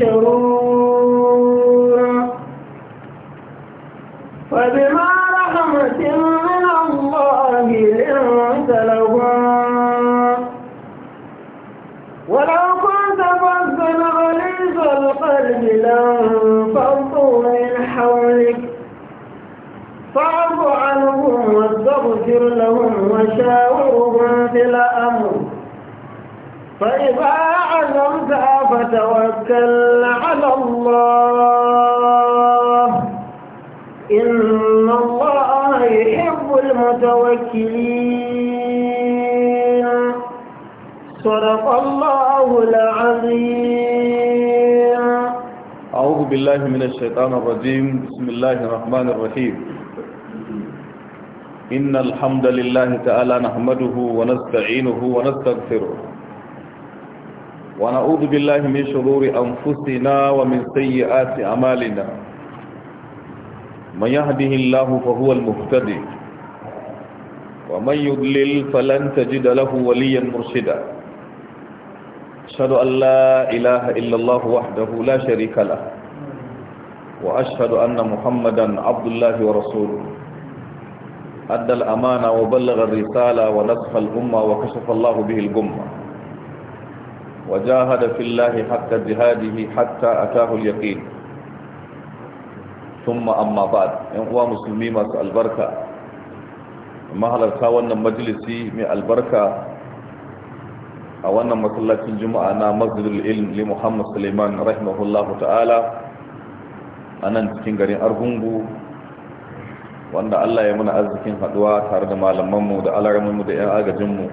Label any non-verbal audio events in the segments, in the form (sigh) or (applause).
شرورا فبما رحمة من الله لنت لهم ولو كنت فظا غليظ القلب لانفضوا من حولك فاعف عنهم واستغفر لهم وشاورهم في الأمر فإذا فتوكل على الله إن الله يحب المتوكلين صدق الله العظيم أعوذ بالله من الشيطان الرجيم بسم الله الرحمن الرحيم إن الحمد لله تعالى نحمده ونستعينه ونستغفره ونعوذ بالله من شرور أنفسنا ومن سيئات أمالنا من يهده الله فهو المهتدي ومن يضلل فلن تجد له وليا مرشدا أشهد أن لا إله إلا الله وحده لا شريك له وأشهد أن محمدا عبد الله ورسوله أدى الأمانة وبلغ الرسالة ونصح الأمة وكشف الله به الجمه وجاهد في الله حق جهاده حتى أتاه اليقين ثم أما بعد ينقوى مسلمي مساء البركة مهلا تاوانا مجلسي من البركة أولا مسلاة الجمعة أنا مسجد العلم لمحمد سليمان رحمه الله تعالى أنا نتكين أرغنبو wanda Allah ya muna arzikin haduwa tare da malamanmu da alaramanmu da 'yan agajinmu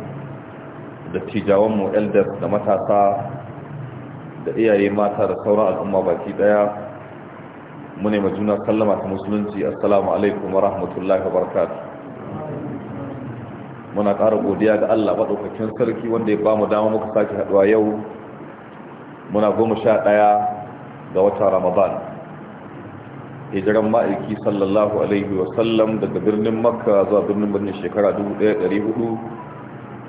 da mu elders da matasa da iyaye mata da sauran al'umma baki daya mu ne majuna sallama ta musulunci assalamu alaikum wa rahmatullahi wa barakatuh muna ƙara godiya ga Allah maɗaukakin sarki wanda ya bamu dama muka sake haɗuwa yau muna goma sha ɗaya ga wata ramadan hijiran ma'aiki sallallahu alaihi wa daga birnin makka zuwa birnin birnin shekara 1400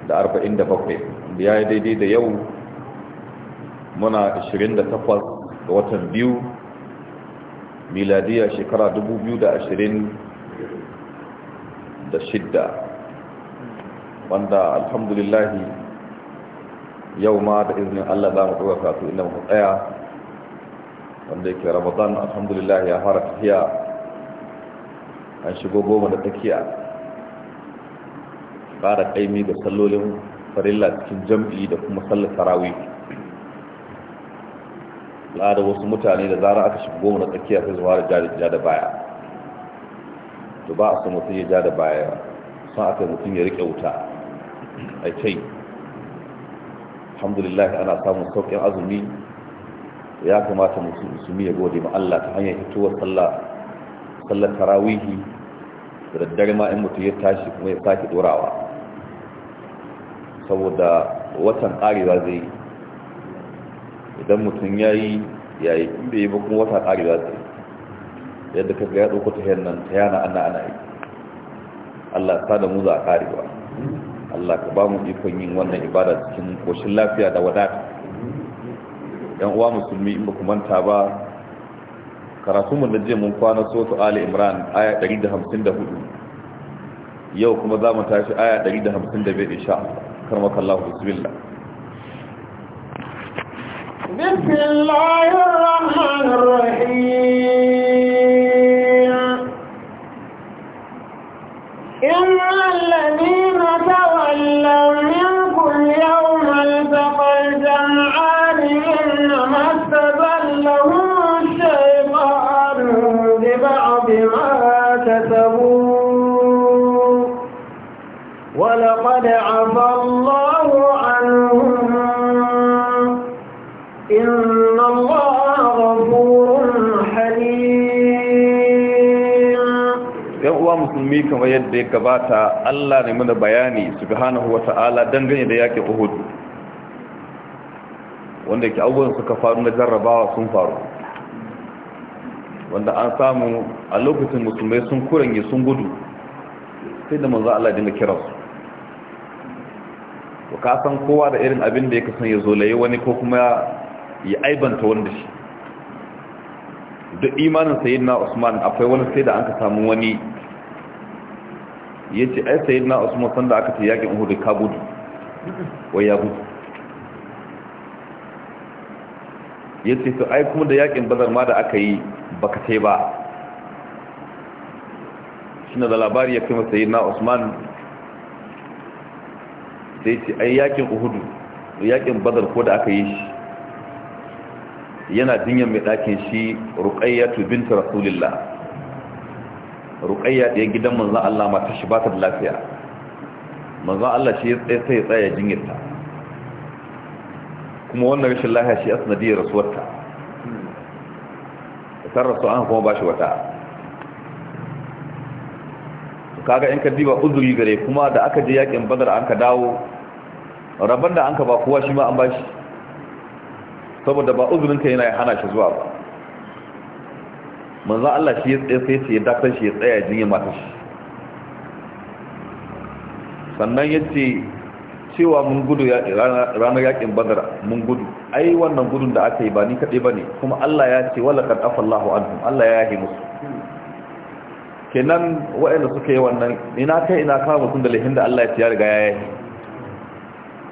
da arba'in da bakwai ya yi daidai da yau muna ashirin da takwas ga watan biyu miladiyar shekara dubu biyu da ashirin da shidda wanda alhamdulillahi yau ma da izinin Allah za mu ɗuga kasu inda mu tsaya wanda yake ramadan alhamdulillahi ya fara tafiya an shigo goma da tsakiya ƙara ƙaimi ga sallolin farilla cikin jam'i da kuma sallar tarawih al'ada wasu mutane da zara aka shigo goma na tsakiya sai zuwa da ja da baya to ba a so mutum ya ja da baya sun aka mutum ya riƙe wuta a kai alhamdulillah ana samun sauƙin azumi ya kamata musulmi ya gode ma Allah ta hanyar hitowar sallar tarawihi da daddare ma in mutum ya tashi kuma ya sake ɗorawa saboda watan karewa zai idan mutum ya yi ya yi inda yi ba kuma wata karewa zai yadda ka ga ya ɗauko ta hannun ta yana ana ana yi Allah ta da mu za a karewa Allah ka ba mu ikon yin wannan ibada cikin koshin lafiya da wadata yan uwa musulmi in ba ku manta ba karatu na da je mun kwana sotu ali imran aya 154 yau kuma za mu tashi aya 155 insha Allah كرمك الله بسم الله بسم الله الرحمن الرحيم إن الذين تولوا عفى الله عنهم إن الله غفور حليم uwa musulmi kamar yadda ya gabata Allah ne mana bayani subhanahu wa ta'ala da yaƙi Uhud wanda ke abubuwan suka faru na jarrabawa sun faru wanda an samu a lokacin musulmai sun kurange sun gudu sai da manzo Allah dinga kiransu to ka san kowa da irin abin da ya kasan ya zo laye wani ko kuma ya aibanta wanda shi duk imanin sayyidina usman akwai wani sai da an ka samu wani ya ce ai sayyidina usman sanda aka ta yakin uhud ka gudu wai ya gudu ya ce to ai kuma da yakin bazar ma da aka yi baka tai ba shi da labari ya kuma sayyidina usman sai ce ai yakin uhudu yakin badar ko da aka yi shi yana jinyar mai ɗakin shi ruƙayyatu binta rasulillah ruƙayya ɗaya gidan manzan Allah mata shi ba ta da lafiya manzan Allah shi ya tsaye sai tsaye jinyarta kuma wannan rashin lafiya shi asnadiyar rasuwarta ta rasu an kuma ba shi wata kaga in ka diba uzuri gare kuma da aka je yakin badar an ka dawo rabon da an ka ba kuwa shi ma an ba shi saboda ba uzurinka yana hana shi zuwa ba manzan Allah shi ya tsaye sai ce ya dakar shi ya tsaye, jin ya mata shi sannan ya ce cewa mun gudu ranar yakin badar mun gudu ai wannan gudun da aka yi ba ni kaɗai ba ne kuma Allah ya ce wala kan afallahu anhum Allah ya yi musu kenan waɗanda suka yi wannan ina kai ina kawo mutum da lahin da Allah ya ce ya riga ya yi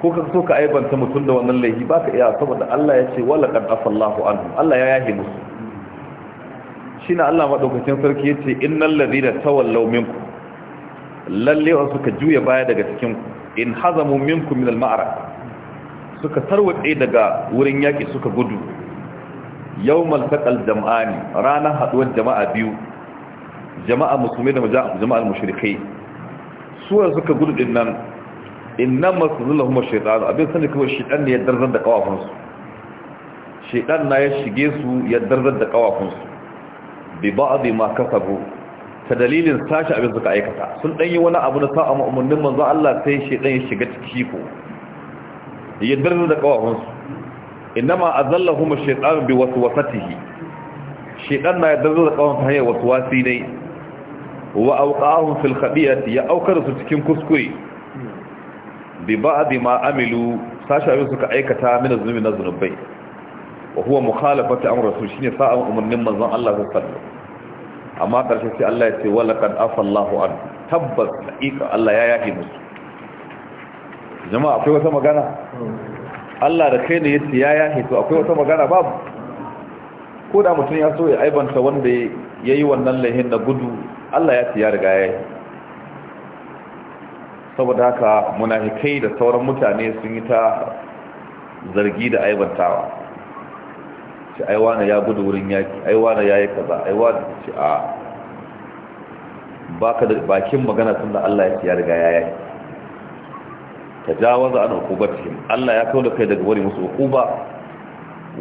ko ka so ka aibanta mutum da wannan laifi ba ka iya saboda Allah ya ce wala qad afallahu anhum Allah ya yahe musu shine Allah madaukakin sarki yace innal ladina tawallaw minkum lalle wa suka juya baya daga cikin ku in hazamu minkum min al-ma'ara suka tarwade daga wurin yaki suka gudu yawmal taqal jam'ani ranar haduwar jama'a biyu jama'a musulmai da jama'ar mushrikai suwa suka gudu din nan inna masu zula kuma shaidanu abin sani kawai shaidan ne ya darzar da kawafinsu shaidan na ya shige su ya darzar da kawafinsu bi ba'adi ma kasabu ta dalilin sashi abin suka aikata sun ɗanyi wani abu na sa'a ma'umannin manzo Allah sai shaidan ya shiga ciki ko ya darzar da kawafinsu innama azallahum ash-shaytanu bi waswasatihi shaytan na ya yadda da kawon hanyar waswasi ne wa auqahum fil khabiyat ya aukar su cikin kuskure bi ba'd ma amilu sashi abin suka aikata min zunubi na zunubai wa huwa mukhalafati amr rasul shine sa'an umarnin manzon Allah sallallahu alaihi wasallam amma karshe sai Allah ya ce laqad afa Allahu an tabbas haqiqa Allah ya yafi musu jama'a akwai wata magana Allah da kai ne yace ya yafi to akwai wata magana babu ko da mutum ya so ya aibanta wanda yayi wannan lahin da gudu Allah ya ce ya riga ya saboda haka munafikai da sauran mutane sun yi ta zargi da aibantawa ce aiwana ya gudu wurin yaki aiwana ya yi kaza aiwana ce a baka da bakin magana sun da Allah ya ce ya riga ya yi tajawaza an cikin. Allah ya kauda kai daga bari musu hukuba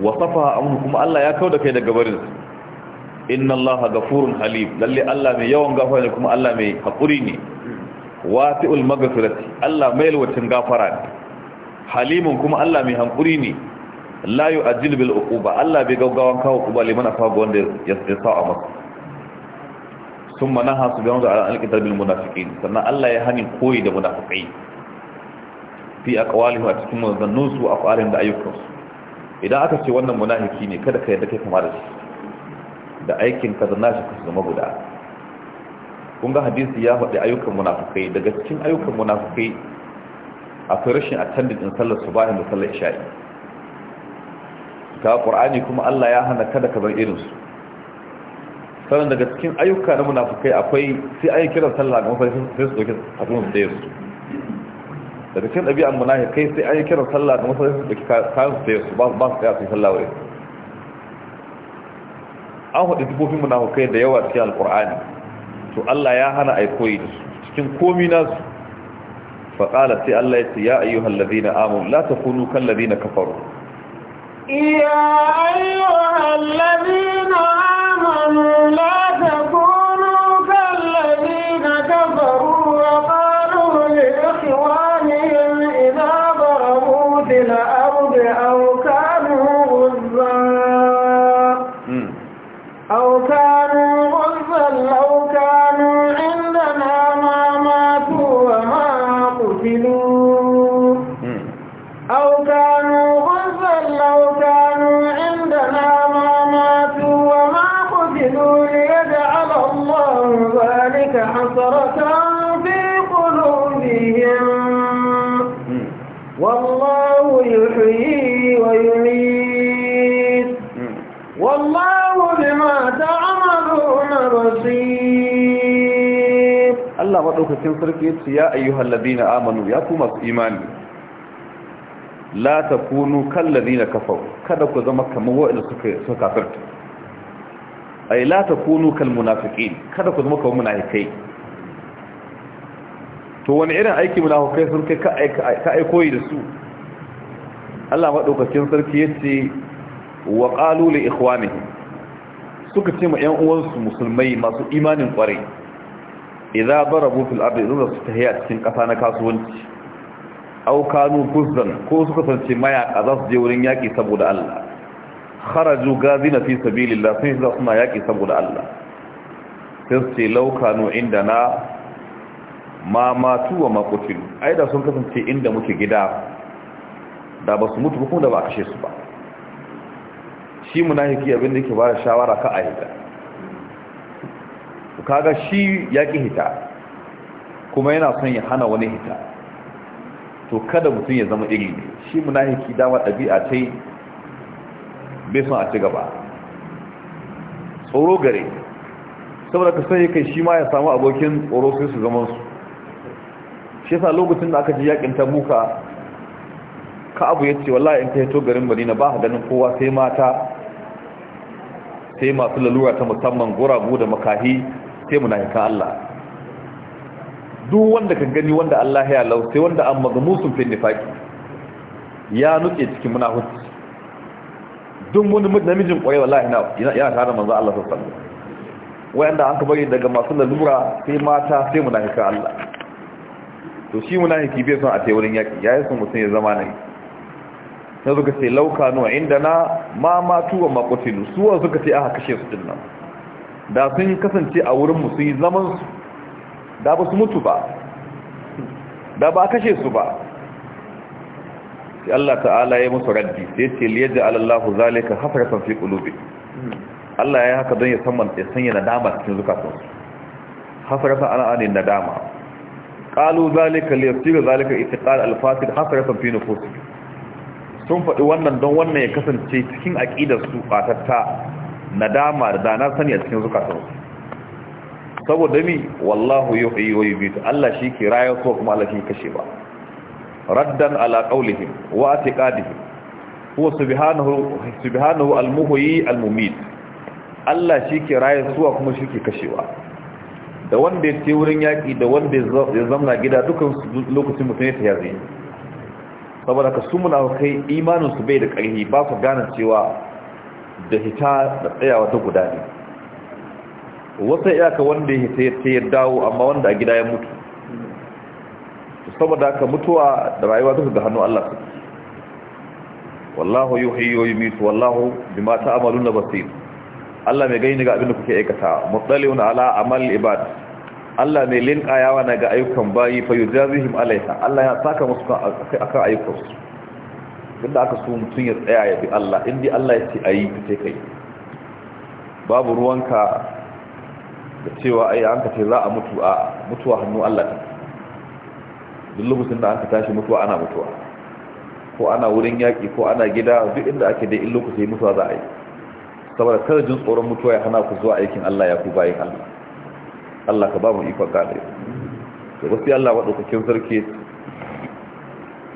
wasafa amnu kuma Allah ya kauda kai daga wari inna Allah gafurun halim lalle Allah mai yawan gafara ne kuma Allah mai haƙuri ne wasi'ul maghfirati Allah mai yalwacin gafara ne halimun kuma Allah mai hankuri ne la yu'ajjil bil uquba Allah bai gaggawan kawo uquba liman afa ga wanda ya sa'a a masu. Sun subhanahu wa ta'ala da alqitar bil munafiqin sannan Allah ya hani koyi da munafiqai fi aqwalihim a cikin manzannun su aqwalin da ayyukansu. idan aka ce wannan munafiki ne kada ka yadda kai kama da shi da aikin ka da nashi ka zama guda kun ga hadisi ya faɗi ayyukan munafukai daga cikin ayyukan munafukai akwai rashin attendance in sallar subahi da sallar isha'i ta ƙur'ani kuma Allah ya hana kada ka bar irin su sannan daga cikin ayyuka na munafukai akwai sai yi kiran sallah ga mafarkin sai su doke abin da yake su daga cikin ɗabi'an munafukai sai yi kiran sallah ga mafarkin su kayan su da su ba su tsaya su yi sallah wai an haɗu dubofin munafukai da yawa cikin alƙur'ani to Allah ya hana ai koyi da su cikin komi nasu faƙala sai Allah ya ce ya na ladina amanu la kan kal ladina kafaru ya ayyuhal ladina amanu madaukakin sarki ce ya ayyuhal ladina amanu ya ku masu imani la kunu kan ladina kafaru kada ku zama kamar wa'anda suka suka kafirta ay la takunu kal munafiqin kada ku zama kamar munafikai to wani irin aiki munafikai sun kai ka aikoyi da su Allah madaukakin sarki ya ce wa qalu li ikhwanihim suka ce ma ƴan uwansu musulmai masu imanin kwarai idza barabu fil ardi idan su tahiya cikin kasa na kasuwanci aw kanu guzzan ko suka sance mayaka za je wurin yaki saboda Allah kharaju gazina fi sabilillah sai za su ma yaki saboda Allah sai su ce law kanu indana ma matu wa ma ai da sun kasance inda muke gida da ba su mutu kuma da ba kashe su ba shi munafiki abin da yake ba shawara ka a hijira kaga shi ya ƙi hita kuma yana son ya hana wani hita to kada mutum ya zama iri ne shi munafiki dama ɗabi'a ta yi bai son a ci gaba tsoro gare saboda ka sanya kai shi ma ya samu abokin tsoro sai su zama su shi yasa lokacin da aka ji yakin muka ka abu ya ce wallahi in ka hito garin madina ba ganin kowa sai mata sai masu lalura ta musamman guragu da makahi sai munafikan Allah duk wanda ka gani wanda Allah ya lau sai wanda an sun fi nifaki ya nuke cikin munafiki duk wani namijin kwaye wallahi na yana tare manzo Allah sallallahu alaihi wasallam wayanda an ka bari daga masu lalura sai mata sai munafikan Allah to shi munafiki bai son a tai wurin yaki yayin sun mutun ya zama nan sai suka ce laukanu inda na ma matu wa makutilu suwa suka ce aka kashe su dinnan da sun kasance a wurinmu sun yi zamansu da ba su mutu ba da ba kashe su ba sai Allah ta'ala ya musu raddi sai ce liyaja alallahu zalika hasratan fi qulubi Allah ya haka don ya saman ya sanya nadama cikin zukatansu hasratan ana ne nadama qalu zalika liyasira zalika itiqal al-fasid hasratan fi nufusi sun faɗi wannan don wannan ya kasance cikin aƙidarsu ƙatatta nadama da dana sani a cikin zukatan saboda mi wallahu yuhyi wa yumiitu Allah shi ke rayar so kuma Allah shi kashe ba raddan ala qawlihim wa atiqadihim huwa subhanahu subhanahu al-muhyi al-mumit Allah shi ke rayar suwa kuma shi ke kashewa da wanda ya ce wurin yaƙi da wanda ya zamna gida dukkan lokacin mutane ta yazi saboda ka su muna kai imaninsu bai da ƙarfi ba su gane cewa da hita da tsayawa ta guda ne wata iyaka wanda ya hita ta ya dawo amma wanda a gida ya mutu saboda haka mutuwa da rayuwa duka ga hannu Allah su wallahu yuhyi yi mitu wallahu bima na basir Allah mai gani ga abin da kuke aikata wani ala amal ibad Allah mai yawa na ga ayyukan bayi fa yujazihim alaiha Allah ya saka musu akan ayyukansu inda aka so mutum ya tsaya ya bi Allah inda Allah ya ce a yi ka sai babu ruwanka da cewa ai an ka ce za a mutu a mutuwa hannu Allah ta duk lokacin da an ka tashi mutuwa ana mutuwa ko ana wurin yaƙi ko ana gida duk inda ake dai in lokaci mutuwa za a yi saboda kada jin tsoron mutuwa ya hana ku zuwa aikin Allah ya ku bayin Allah Allah ka ba mu ikon gane to gaskiya Allah wadaukakin sarki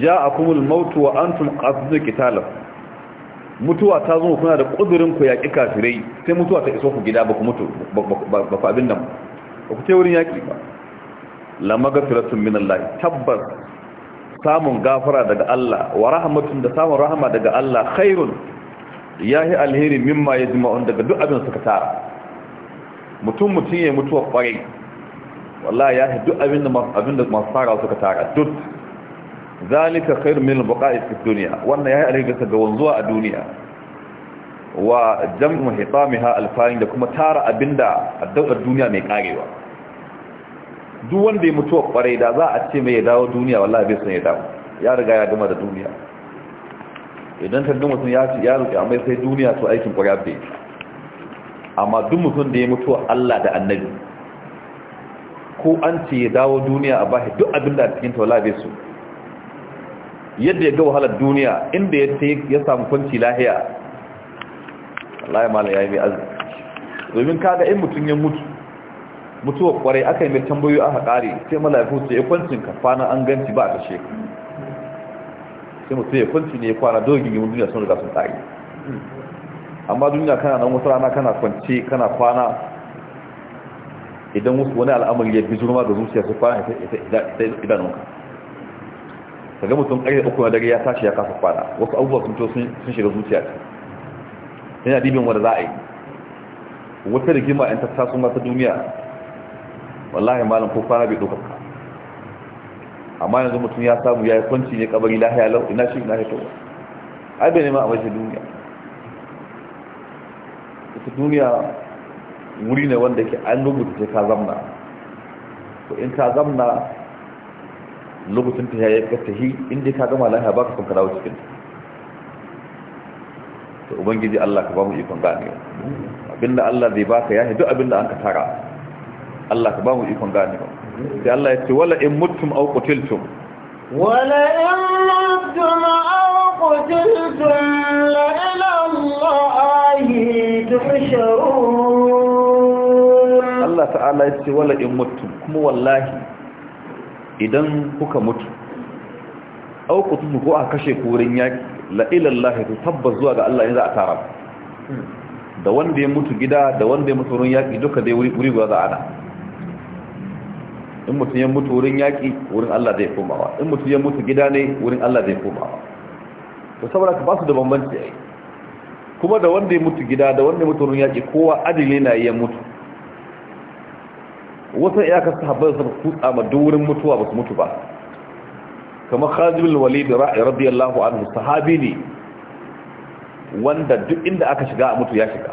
ja'akumul mautu wa antum qasdu qitalah mutuwa ta zo kuna da kudurin ku yaki kafirai sai mutuwa ta iso ku gida ba ku mutu ba ku abin nan ba ku ce wurin yaki ba la magfiratun minallahi tabbas samun gafara daga Allah wa rahmatun da samun rahama daga Allah khairun yahi alheri mimma yajma'un daga duk abin suka tara mutum mutum ya mutuwa kwarai wallahi yahi duk abin da abin da masu fara suka tara duk zalika khair min al-baqa'i fi dunya wannan yayi alheri ga wanzuwa a duniya wa jam'u hitamha al-fa'in da kuma tara abinda a addu'ar duniya mai karewa duk wanda ya mutu kwarai da za a ce mai ya dawo duniya wallahi bai san ya dawo ya riga ya gama da duniya idan ka gama sun ya ci ya roki amma sai duniya to aikin kwarai bai amma duk mutum da ya mutu Allah da annabi ko an ce ya dawo duniya a bashi duk abinda a cikin tawala bai su yadda ya ga wahalar duniya inda ya ya samu kwanci lahiya Allah ya mala ya yi mai azu domin kaga in mutum ya mutu mutu wa kwarai aka yi mai tambayoyi aka kare sai malafi su ya eh, kwancin ka kwana an ganci ba a kashe ka sai mutu ya kwanci ne ya kwana dogin yin duniya sun riga sun tsari amma duniya kana nan wasu rana kana kwanci kana kwana idan wani al'amari ya zurma da zuciya su kwana idanunka kaga mutum ƙarfe uku na dare ya tashi ya kafa kwana wasu abubuwa sun to sun shiga zuciya ta. yana dibin wanda za a yi wata rigima yan tattasun masu duniya wallahi malam ko fara bai ɗaukar ka amma yanzu mutum ya samu ya yi kwanci ne kabari lahiya lau ina shi ina hitowa ai bai nema a wajen duniya wata duniya wuri ne wanda ke an rubuta ce ka zamna to in ka zamna lokacin ta yayi ka tahi inda ka gama lafiya baka son ka dawo cikin to ubangiji Allah ka ba mu ikon gane. abinda Allah zai ka yahi duk abinda an ka tara Allah ka ba mu ikon gane. sai Allah ya ce wala in mutum aw qutiltum wala in mutum aw qutiltum la ila Allahi tuhsharun Allah ta'ala ya ce wala in mutum kuma wallahi idan kuka mutu auku tutu ko a kashe kurin yaƙi la'ilallahi to tabbas zuwa ga Allah ne za a tara da wanda ya mutu gida da wanda ya mutu wurin yaƙi duka dai wuri guda za a da in mutu ya mutu wurin yaƙi wurin Allah zai komawa in mutu ya mutu gida ne wurin Allah zai komawa to saboda ka ba su da bambanci kuma da wanda ya mutu gida da wanda ya mutu wurin yaƙi kowa adili na ya mutu wasan iyakar sahabbai su kutsa ma durin mutuwa ba su mutu ba kamar khazibul walid radiyallahu anhu sahabi ne wanda duk inda aka shiga a mutu ya shiga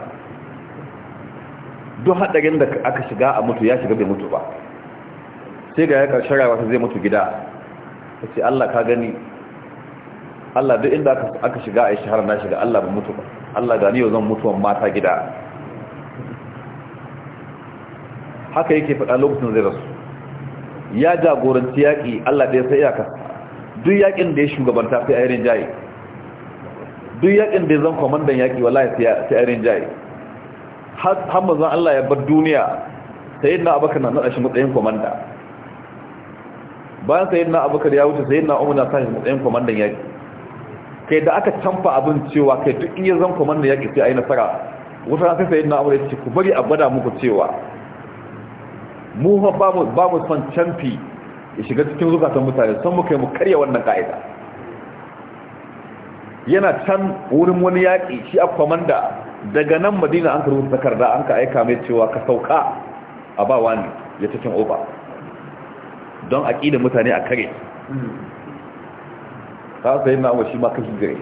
duk haɗarin da aka shiga a mutu ya shiga bai mutu ba sai ga ya ƙarshen rayuwa zai mutu gida ta ce Allah ka gani Allah duk inda aka shiga a yi shahara na shiga Allah ba mutu ba Allah gani yau zan mutuwan mata gida haka yake faɗa lokacin zai rasu ya jagoranci yaƙi Allah ɗaya sai iyaka duk yaƙin da ya shugabanta sai a yarin jaye duk yaƙin da ya zan kwamandan yaƙi wallahi sai a yarin jaye har mazan Allah ya bar duniya sai na abakar na naɗa shi matsayin kwamanda bayan sai na abakar ya wuce sai na abokan na sashi matsayin kwamandan yaƙi kai da aka canfa abin cewa kai duk iya zan kwamandan yaƙi sai a yi nasara wata na sai sai na umar ya ce ku bari a gwada muku cewa mu ba mu son canfi ya shiga cikin zukatan mutane son mu yi mu karya wannan ka'ida yana can wurin wani yaƙi shi a kwamanda daga nan madina an karu takarda an ka aika mai cewa ka sauka a ba wani ya cikin oba don a ƙida mutane a kare ta sai na shi ma kashi gare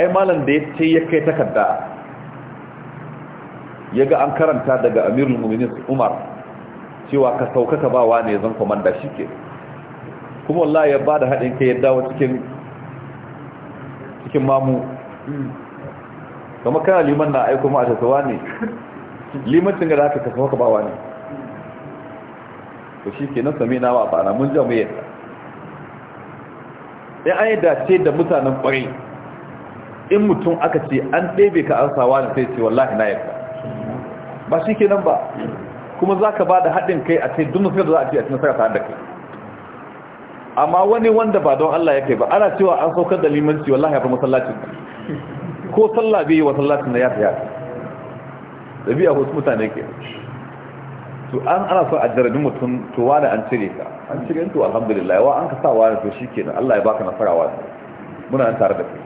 ai malam da ya ce ya kai takarda ya ga an karanta daga amirul muminin umar cewa ka sauka ka bawa ne zan komanda shi ke kuma wallahi ya bada haɗin kai ya dawo cikin cikin mamu kama kana liman na aiko ma a tattawa ne limancin ga da aka ka ba bawa ne to shi ke nan sami na ba ba'ana mun ja mu yadda ya an yi dace da mutanen ƙwarai in mutum aka ce an ɗebe ka an sawa ne sai ce wallahi na yadda ba shi kenan ba kuma za ka ba da haɗin kai a cikin dunnu da za a ce a cikin nasara tare da kai amma wani wanda ba don Allah ya kai ba ana cewa an saukar da limanci wallahi ya fi masallacin ko sallah bai yi wa sallacin na ya fi yaki ɗabi'a wasu mutane ke to an ana son a jarabi mutum to wani an cire ka an cire to alhamdulillah wa an ka sa wani to shi kenan Allah ya baka nasara wani muna an tare da kai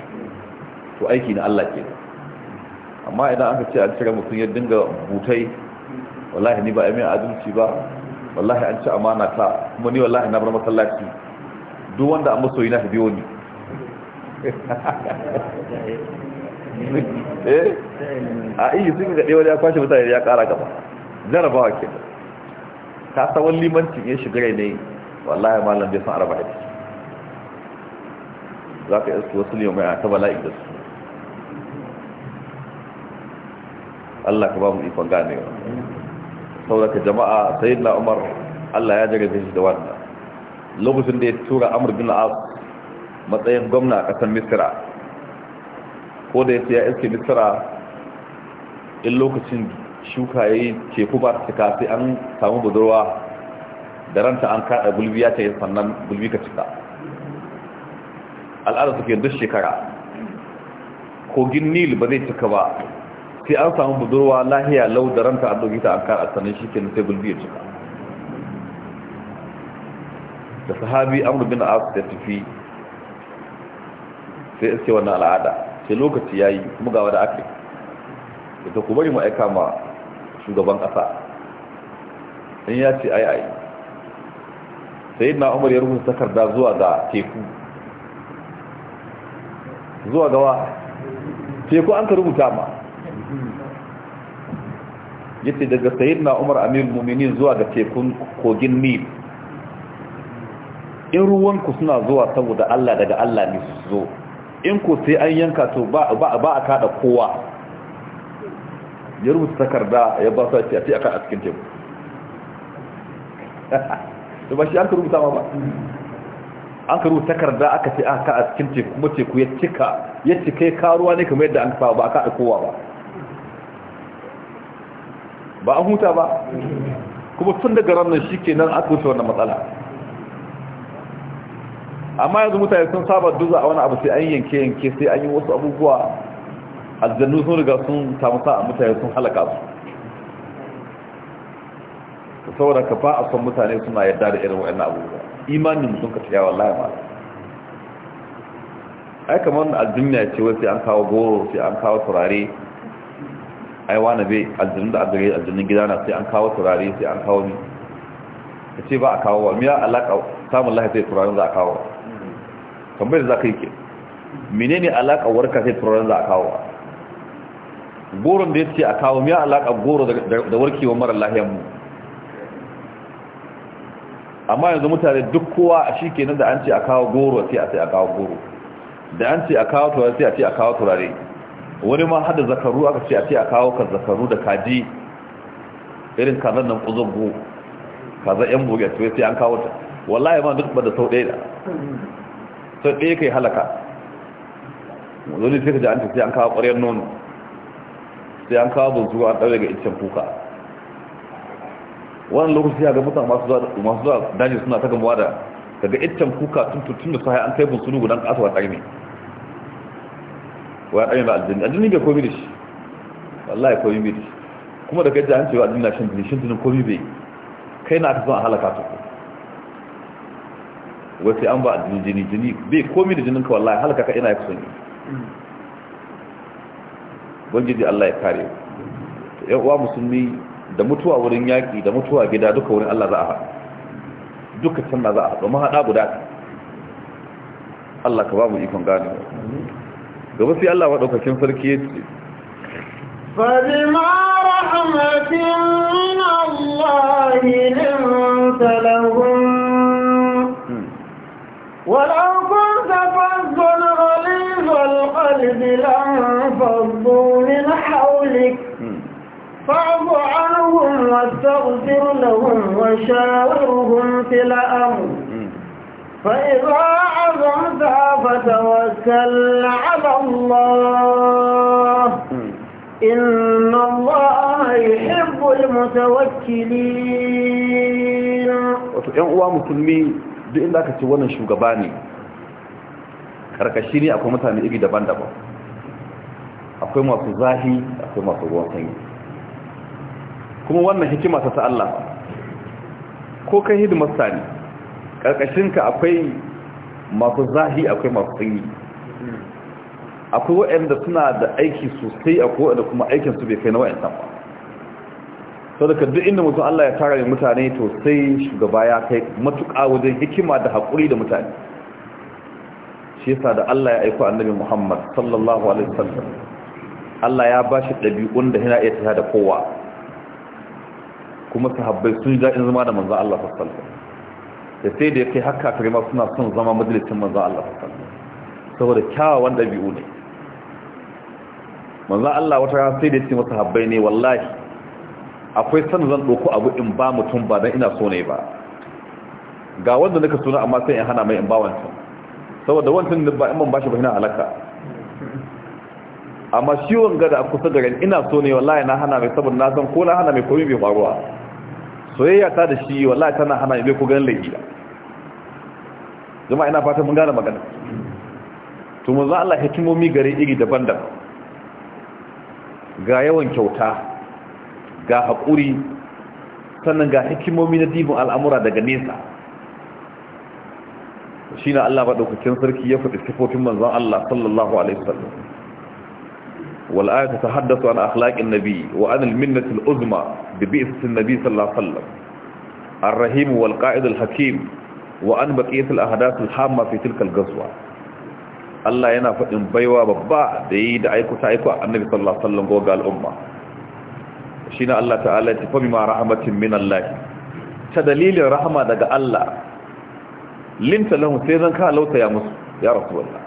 to aiki na Allah kenan amma idan aka ce an cire mutum ya dinga butai wallahi ni ba a yi adalci ba wallahi an ci amana ta kuma ni wallahi na bar masallaci duk wanda an masoyi na ta biyo ni (laughs) eh? a iya sun gaɗe wani ya kwashe mutane ya ƙara gaba jarabawa ke ta tsawon limancin ya shiga rai ne wallahi malam bai san arba'a za ka iska wasu limamai a ta bala'i da su Allah ka ba mu ikon ganewa sauraka jama'a sai na Umar Allah ya jarabe shi da wannan lokacin da ya tura amur bin As matsayin gwamna a ƙasar Misira. ko da ya ya iske Misira, in lokacin shuka yi teku ba su cika sai an samu budurwa da ranta an kada bulbiya ce, yi sannan gulbi ka cika al'ada suke duk shekara kogin nil ba zai cika ba sai an samu budurwa lahiya lau da ranta an ɗauki ta an kara sannan shi ke na sai biyu ya cika da sahabi rubi bin as da tafi sai iske wannan al'ada sai lokaci ya yi kuma gawa da ake. da ta kuma yi ma'aika ma shugaban ƙasa in ya ce ai ai sai na umar ya rubuta takarda zuwa ga teku zuwa gawa teku an ka rubuta ma yace daga sayyidina Umar amir Mu'minin zuwa ga tekun kogin Nil in ruwan ku suna zuwa saboda Allah daga Allah ne su zo in ku sai an yanka to ba ba ba a kada kowa ya rubuta takarda ya ba su a ce a cikin teku (laughs) to ba shi an ka rubuta ma ba an ka rubuta takarda aka ce aka a cikin teku kuma teku ya cika ya cika ya karuwa ne kamar yadda an fa ba aka da kowa ba ba an huta ba kuma tun daga ranar shi ke nan aka wuce wannan matsala amma yanzu mutane sun saba duza a wani abu sai an yanke yanke sai an yi wasu abubuwa aljannu sun riga sun tamusa a mutane sun halaka su saboda ka ba a son mutane suna yadda da irin wa'annan abubuwa imanin mutum ka tsayawa layan ma ai kamar aljinniya ce wasu an kawo goro sai an kawo turare aiwa na bai aljinin da agare aljinin gida na sai an kawo turare sai an kawo ni ka ce ba a kawo wa miya alaƙa samun lahi sai turaren za a kawo tambayar za ka yi ke menene alaƙa warka sai turaren za a kawo goron da ya ce a kawo miya alaƙa goro da warkewa mara lahiyar mu amma yanzu mutane duk kowa a shi kenan da an ce a kawo goro sai a sai a kawo goro da an ce a kawo turare sai a ce a kawo turare wani ma hada zakaru aka ce a ce a kawo ka zakaru da kaji irin kazan nan kuzurgo kaza yan buga to sai an kawo ta wallahi ma duk ba da sau ɗaya da sau ɗaya kai halaka wani sai ka ji an ce sai an kawo ƙwaryar nono sai an kawo bunsuwa an ɗaure ga iccen kuka wannan lokaci ya ga mutane masu zuwa daji suna ta gamuwa da daga iccen kuka tun tun da sai an kai bunsuru gudan ƙasa wa ƙarni wa ɗaya ma aljini aljini bai komi da shi wallahi komi bai da shi kuma da gajja an cewa aljini na shan jini shan jini komi bai kai na aka son a halaka ta ko wace an ba aljini jini jini bai komi da jinin ka wallahi halaka ka ina ya kusan yi bangiji Allah ya kare yan uwa musulmi da mutuwa wurin yaƙi da mutuwa gida duka wurin Allah za a haɗu duka can na za a haɗu mahaɗa guda Allah ka ba mu ikon gane gaba sai Allah maɗaukakin sarki فبما رحمة من الله لنت لهم ولو كنت فظا غليظ القلب لانفضوا من حولك فاعف عنهم واستغفر لهم وشاورهم في الأمر فإذا عظمت توكل على الله إن الله يحب المتوكلين wato ƴan uwa musulmi duk inda aka ce wannan shugaba ne karkashi ne akwai mutane iri daban-daban akwai masu zahi akwai masu ruwan sanyi kuma wannan hikima ta ta Allah ko kai hidimar sani karkashinka akwai masu zahi akwai masu sanyi akwai waɗanda suna da aiki sosai kowa da kuma aikinsu bai kai na wayan ba sau da duk inda mutum Allah ya tara mutane to sai shugaba ya kai matuƙa wajen hikima da haƙuri da mutane shi yasa da Allah ya aiko annabi Muhammad sallallahu alaihi wasallam Allah ya ba shi ɗabi'un da yana iya tafiya da kowa kuma sahabbai sun ji daɗin zama da manzan Allah sassan. da sai da ya kai haka kare ma suna son zama majalisin manzan Allah sassan. saboda kyawawan ɗabi'u ne manzan Allah wata rana sai da ce masa habbai ne wallahi akwai sanin zan ɗauko abu in ba mutum ba don ina so ne ba ga wanda nika suna amma sai in hana mai in ba wancan saboda wancan da ba in ban bashi ba ina halaka amma shi wanga da kusa garin ina so ne wallahi na hana mai saboda na san ko na hana mai komi bai faruwa soyayya ta da shi wallahi tana hana mai ko ganin lafiya jama'a ina fatan mun gane magana to za Allah hikimomi gare iri daban-daban ga yawan kyauta ga haƙuri sannan ga hikimomi na dibin al'amura daga nesa shi na Allah maɗaukakin sarki ya faɗi sifofin manzon Allah sallallahu Alaihi wasallam wal'ayata ta haddasa an akhlaƙin nabi wa an alminnatul uzma da bi isasin nabi sallallahu Alaihi wasallam ar-rahim wal بقية الأهداث الحامة في Allah yana faɗin baiwa babba da yi da aikuta aiku a annabi sallallahu alaihi wasallam ga al'umma shine Allah ta'ala ya fa ma rahmatin min Allah ta dalilin rahama daga Allah linta lahu sai zan ka lauta ya musu ya rasulullah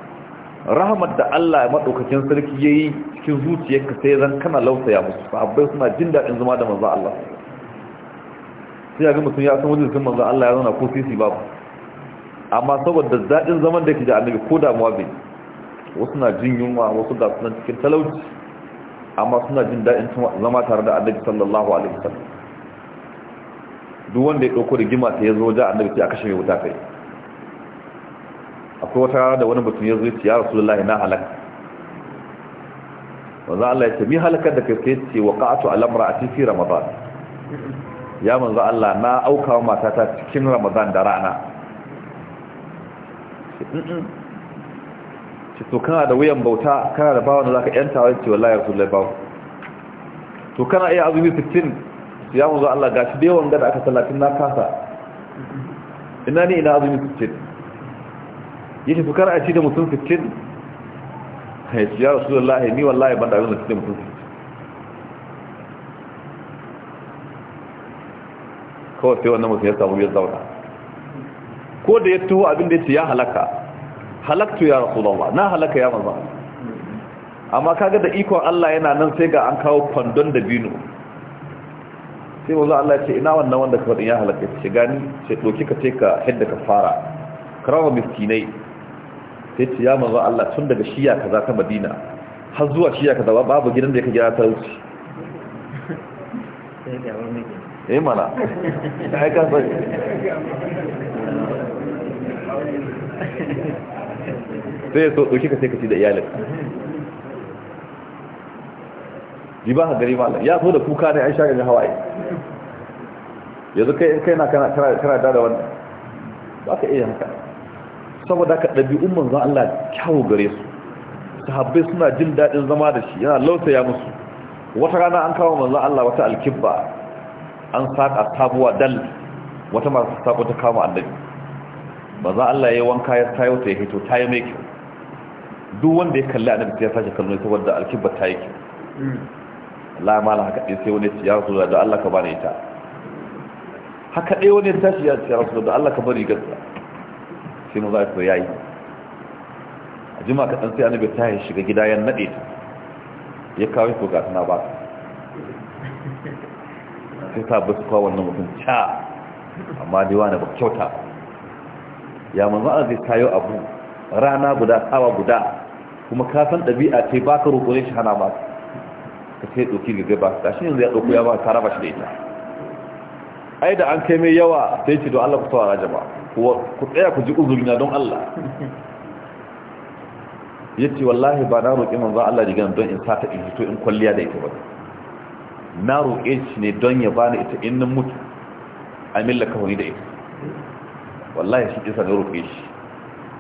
rahmat da Allah ya madaukakin sarki yayi cikin zuciyarka sai zan kana lauta ya musu sahabbai suna jin dadin zama da manzo Allah sai ga mutum ya san wajen manzo Allah ya zauna ko sisi babu amma saboda daɗin zaman da ke da annabi ko damuwa bai wasu na jin yunwa wasu da suna cikin talauci amma suna jin daɗin zama tare da annabi sallallahu alaihi wasallam duk wanda ya ɗauko rigima ta ya zo wajen annabi sai a kashe mai wuta kai akwai wata da wani mutum ya zo ya ce ya lallahi na halaka wanzan Allah ya ce mi halakar da kai sai ce wa ƙa'atu al'amura a cikin ramadan ya manzo Allah na auka matata cikin ramadan da rana ce to kana da wuyan bauta kana da bawan da za ka yanta wani ce wallahi rasulai bawo to kana iya azumi 15 su ya zo Allah gashi da yawan gada aka talatin na kasa ina ne ina azumi 15 ya to kana a ci da mutum 15 ya ce ya rasulai ni wallahi ban da abin da ci da mutum 15 kawai sai wannan mutum ya samu ya zauna ko da ya taho abin da ya ce ya halaka halaktu ya rasulullah na halaka ya manzo amma kaga da ikon Allah yana nan sai ga an kawo kwandon da binu sai manzo Allah ya ce ina wannan wanda ka fadin ya halaka ce gani sai ɗoki ka ce ka hidda ka fara karawa miskinai sai ce ya manzo Allah tun daga shiya kaza ta Madina har zuwa shiya kaza babu gidan da yake gida ta wuce eh mana (laughs) ka sai sai ya so ɗauki ka sai ka ci da iyalin ji ba ka gari malam ya so da kuka ne an sha hawaye yanzu kai in kai na kana da wani ba ka iya haka saboda ka ɗabi'un zan Allah kyawu gare su sahabbai suna jin daɗin zama da shi yana lausaya musu wata rana an kawo manzan Allah wata alkibba an saƙa tabuwa dal wata masu saƙo ta kama annabi za Allah ya yi wanka ya tayo ta ya hito ta yi mai kyau duk wanda ya kalli annabi sai ya sashi kallon ita wadda alkibba ta yake Allah ma la haka dai sai wani ya rasu da Allah ka bani ita haka dai wani tashi ya ce rasu da Allah ka bari gaskiya sai mu za ku yayi a jima ka dan sai annabi ta yi shiga gida ya nade ta ya kawo ko ga tana ba sai ta bi kwa wannan mutum cha amma dai wani ba kyauta ya manzo Allah zai kayo abu rana guda tsawa guda kuma ka san ɗabi'a ce ba ka roƙo shi hana ba ka sai ɗauki ga gaba Ta shi yanzu ya ɗauko ya ba ka raba shi da ita ai da an kai mai yawa sai ce don Allah ku tawara jama ku tsaya ku ji uzurina don Allah ya ce wallahi ba na roƙi manzo Allah digan don in sata in fito in kwalliya da ita ba na roƙe shi ne don ya bani ita in nan mutu a milla wani da ita wallahi shi kisa na roƙe shi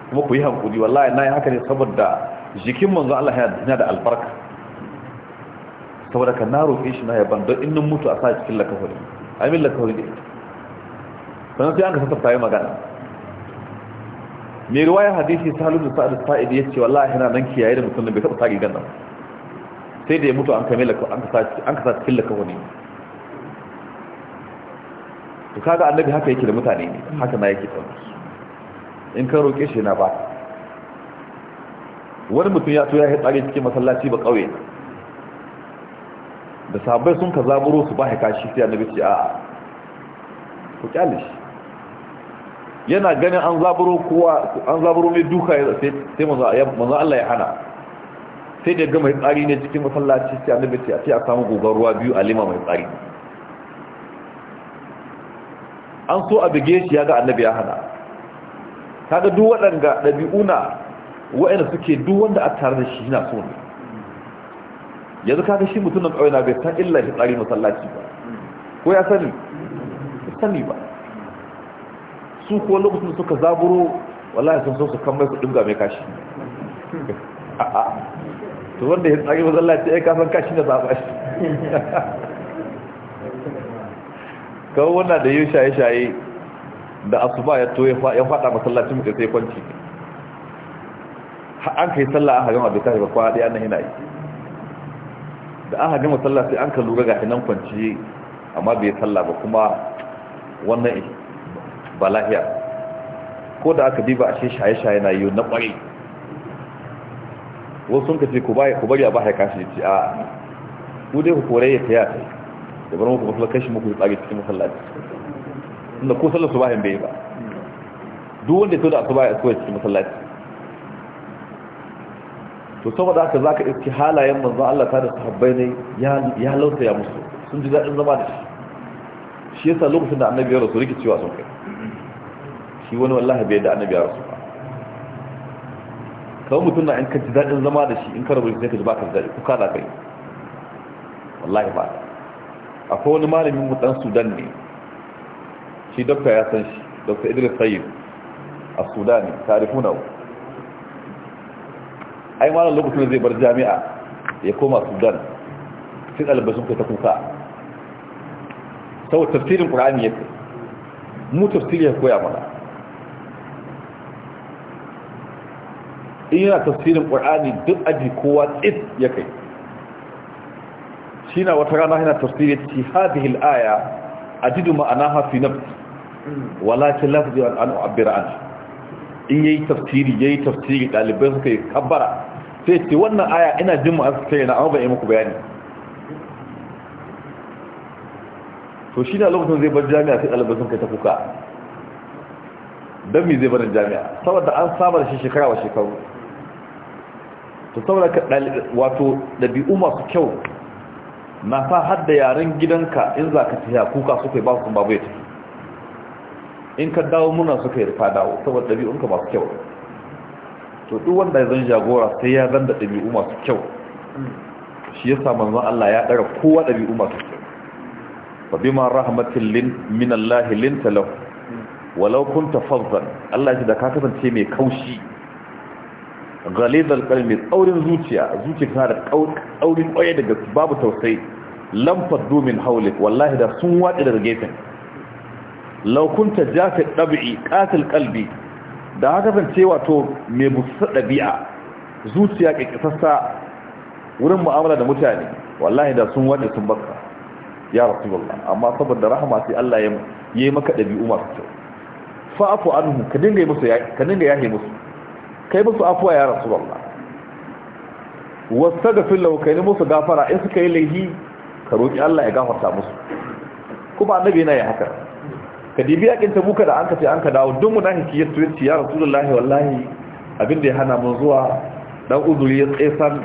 kuma ku yi hankuli wallahi na yi haka ne saboda jikin manzo Allah yana da albarka saboda ka na roƙe shi na yaban don innin mutu a sa cikin lakahuri amin lakahuri da ita sai an ka sassafta yi magana mai ruwaya hadisi salisu sa'adu sa'id ya ce wallahi yana nan kiyaye da mutum bai taɓa tagi gigan sai da ya mutu an ka sa cikin lakahuri to kaga annabi haka yake da mutane haka na yake tsawon in ka roƙe shi na ba wani mutum ya to ya hitsari cikin masallaci ba kauye da sabai sun ka zaburo su ba haka shi sai annabi ce a ku kyale shi yana ganin an zaburo kowa an zaburo mai duka sai manzo Allah ya hana sai da gama hitsari ne cikin masallaci sai annabi ce a ce a samu gogar ruwa biyu a lima mai tsari an so a bige shi ya ga annabi ya hana kaga duk waɗanda ɗabi'una wa'ina suke duk wanda a tare da shi yana so ne yanzu kaga shi mutum na ƙauye na bai san illa shi tsari masallaci ba ko ya sani ba sani ba su kuwa lokacin da suka zaburo wallahi sun so su kan mai kudin ga mai kashi to wanda ya tsari masallaci ya kasan kashi na zaba shi kawo wannan da yi shaye-shaye da asuba ya to ya faɗa masallacin mutum sai kwanci ne an kai sallah aka gama bai tashi ba kwana ɗaya nan yana yi da aka gama sallah sai an ka lura ga hinan kwanci amma bai sallah ba kuma wannan ba lahiya ko da aka ba a ce shaye-shaye na yiwu na ƙwari wasu sun ka ce ku bari a ba haika shi ce a ku dai ku kore ya taya da bar muku masallakai shi muku tsari cikin masallaci inda ko sallar su bayan bai ba duk wanda ya to da asuba ya so ya cikin masallaci to saboda haka za ka iske halayen manzan Allah ta da sahabbai ne ya lauta ya musu sun ji daɗin zama da shi shi yasa lokacin da annabi ya rasu cewa sun kai shi wani wallahi bai da annabi ya rasu ba kawai mutum na in ka ji daɗin zama da shi in ka rabu sai ka ji baka zai kuka ka da kai wallahi ba akwai wani malamin mu dan Sudan ne shi dokta ya san shi dokta Idris Sayyid a Sudan tarifuna ai malam lokacin da zai bar jami'a ya koma sudan sai ɗalibai sun ta kuka saboda tafsirin ƙur'ani ya mu tafsiri ya koya mana in yana tafsirin ƙur'ani duk aji kowa tsit ya kai shi na wata rana yana tafsiri ci hadihil aya ajidu ma'ana hafi nafsi walakin lafi an u'abbira anhu in yayi tafsiri yayi tafsiri dalibai suka yi kabbara sai ce wannan aya ina jin mu aska yana amma ban yi muku bayani to shi ne lokacin zai bar jami'a sai dalibai sun kai ta kuka don me zai bar jami'a saboda an saba da shi shekara wa shekaru to saboda ka wato dabi'u masu kyau na fa hadda yaren gidanka in za ka tafiya kuka suka yi ba su babu ya tafi in ka dawo muna suka yi ka dawo saboda ɗabi'unka masu kyau to duk wanda ya zan jagora sai ya zan da ɗabi'u masu kyau shi ya yasa manzon Allah ya ɗara kowa ɗabi'u masu kyau fa ma rahmatin lin min Allah lin talahu walau ta fazzan Allah shi da ka kasance mai kaushi ghalidal qalbi tsaurin zuciya zuciya tana da tsaurin ƙwaye daga babu tausayi lamfar domin haulik wallahi da sun watsi daga gefen laukunta jafi ɗabi'i ƙatil ƙalbi da haka zan ce wato mai busa ɗabi'a zuciya ƙaƙƙasassa wurin mu'amala da mutane wallahi da sun waɗe sun baka ya rasu wallah amma saboda rahama sai Allah ya yi maka ɗabi'u masu kyau fa'afu an ka dinga yi ka dinga yahe musu kai musu afuwa ya rasu wallah wasta da fillau kai musu gafara in suka yi laihi ka roƙi Allah ya gafarta musu kuma annabi yana yi haka ka dibi ta buka da an ka ce an ka dawo duk munafiki ya tuwici ya rasulullahi wallahi abin da ya hana mun zuwa dan uzuri ya tsesan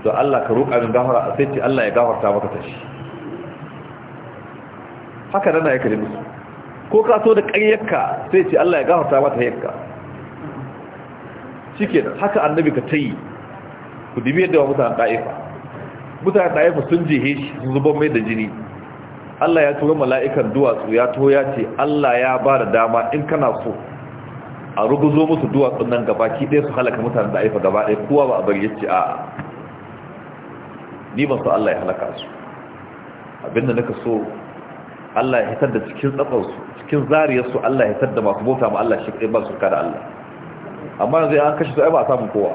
to Allah ka roƙa min gafara sai ce Allah ya gafarta maka tashi haka nan yake musu ko ka so da ƙaryarka sai ce Allah ya gafarta maka cike da haka annabi ka tayi ku dibi yadda mutanen da'ifa mutanen da'ifa sun jehe shi sun zubar mai da jini Allah ya turo mala'ikan duwatsu ya to ya ce Allah ya ba da dama in kana so a ruguzo musu duwatsun nan ki ɗaya su halaka mutane da aifa gaba ɗaya kowa ba a bari yace a ni ban so Allah ya halaka su abinda naka so Allah ya hitar da cikin su, cikin zariyarsu Allah ya hitar da masu bauta ma Allah shi ba su kada Allah amma yanzu an kashe su ai ba a samu kowa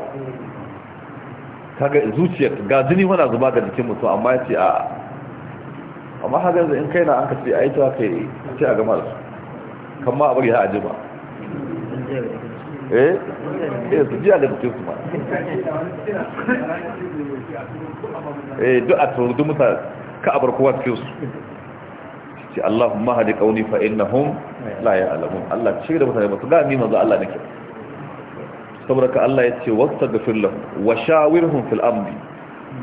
kaga zuciya ga jini wana zuba ga jikin mutum amma yace a amma har yanzu in kai na an kasi a yi ta kai ce a gama da su kan ma a bari ha a jima eh eh su jiya da mutum su ma eh duk a tsoro duk mutane ka abar kowa cikin su ce Allahumma hadi qauni fa hun la al'amun. Allah ce da mutane masu su gani Allah nake saboda ka Allah ya ce wastagfir lahum wa shawirhum fil amri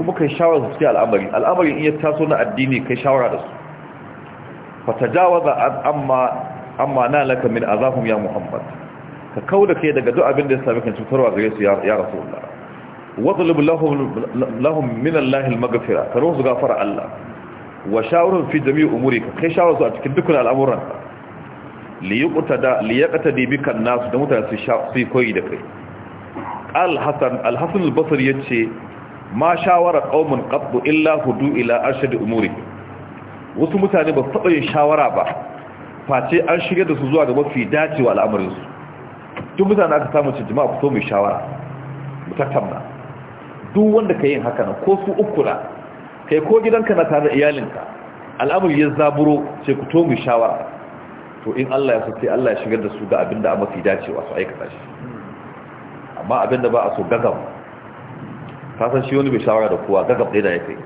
kuma kai shawara su cikin al'amari al'amarin iya taso na addini kai shawara da su fatajawaza amma amma na laka min azahum ya muhammad ka kauda kai daga duk abin da ya sami kan cutarwa gare su ya rasulullah واطلب لهم لهم من الله المغفرة كروز غفر الله وشاورهم في جميع أمورك كي شاورهم سؤالك دكنا الأمور ليقتدى ليقتدي بك الناس دمتا في كويدك قال الحسن الحسن البصري ce. ma shawara qaumun qattu illa hudu ila da umuri wasu mutane ba su taba yin shawara ba face an shirye da su zuwa ga mafi dacewa al'amarin su duk mutane aka samu cin jama'a ku mai shawara mu tattauna duk wanda ka yin haka na ko su uku na kai ko gidanka na tare iyalinka al'amari ya zaburo sai ku to shawara to in Allah ya so sai Allah ya shigar da su ga abinda a mafi dacewa su aikata shi amma abinda ba a so gaggawa kasan shi wani bai shawara da kowa gagab ɗaya da ya kai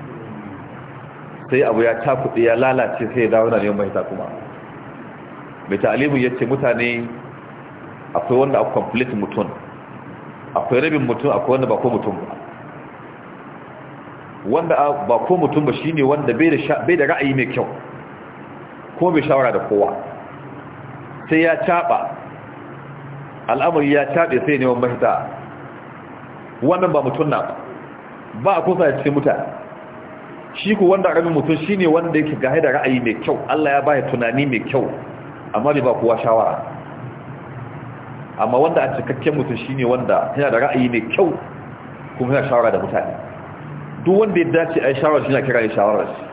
sai abu ya kuɗi ya lalace sai ya dawo na neman mahita kuma mai ta'alimin ya ce mutane akwai wanda akwai complete mutum akwai rabin mutum akwai wanda ba ko mutum ba wanda ba ko mutum ba shine wanda bai da ra'ayi mai kyau ko bai shawara da kowa sai ya caɓa al'amari ya caɓe sai neman mahita wannan ba mutum na ba ba a kusa cikin mutane shi ku wanda ƙaramin mutum shi ne wanda yake gahe da ra'ayi mai kyau Allah ya baya tunani mai kyau amma bai ba kowa shawara amma wanda a cikakken mutum shi ne wanda yana da ra'ayi mai kyau kuma yana shawara da mutane duk wanda ya dace a yi shawara shi na kira yi shawara shi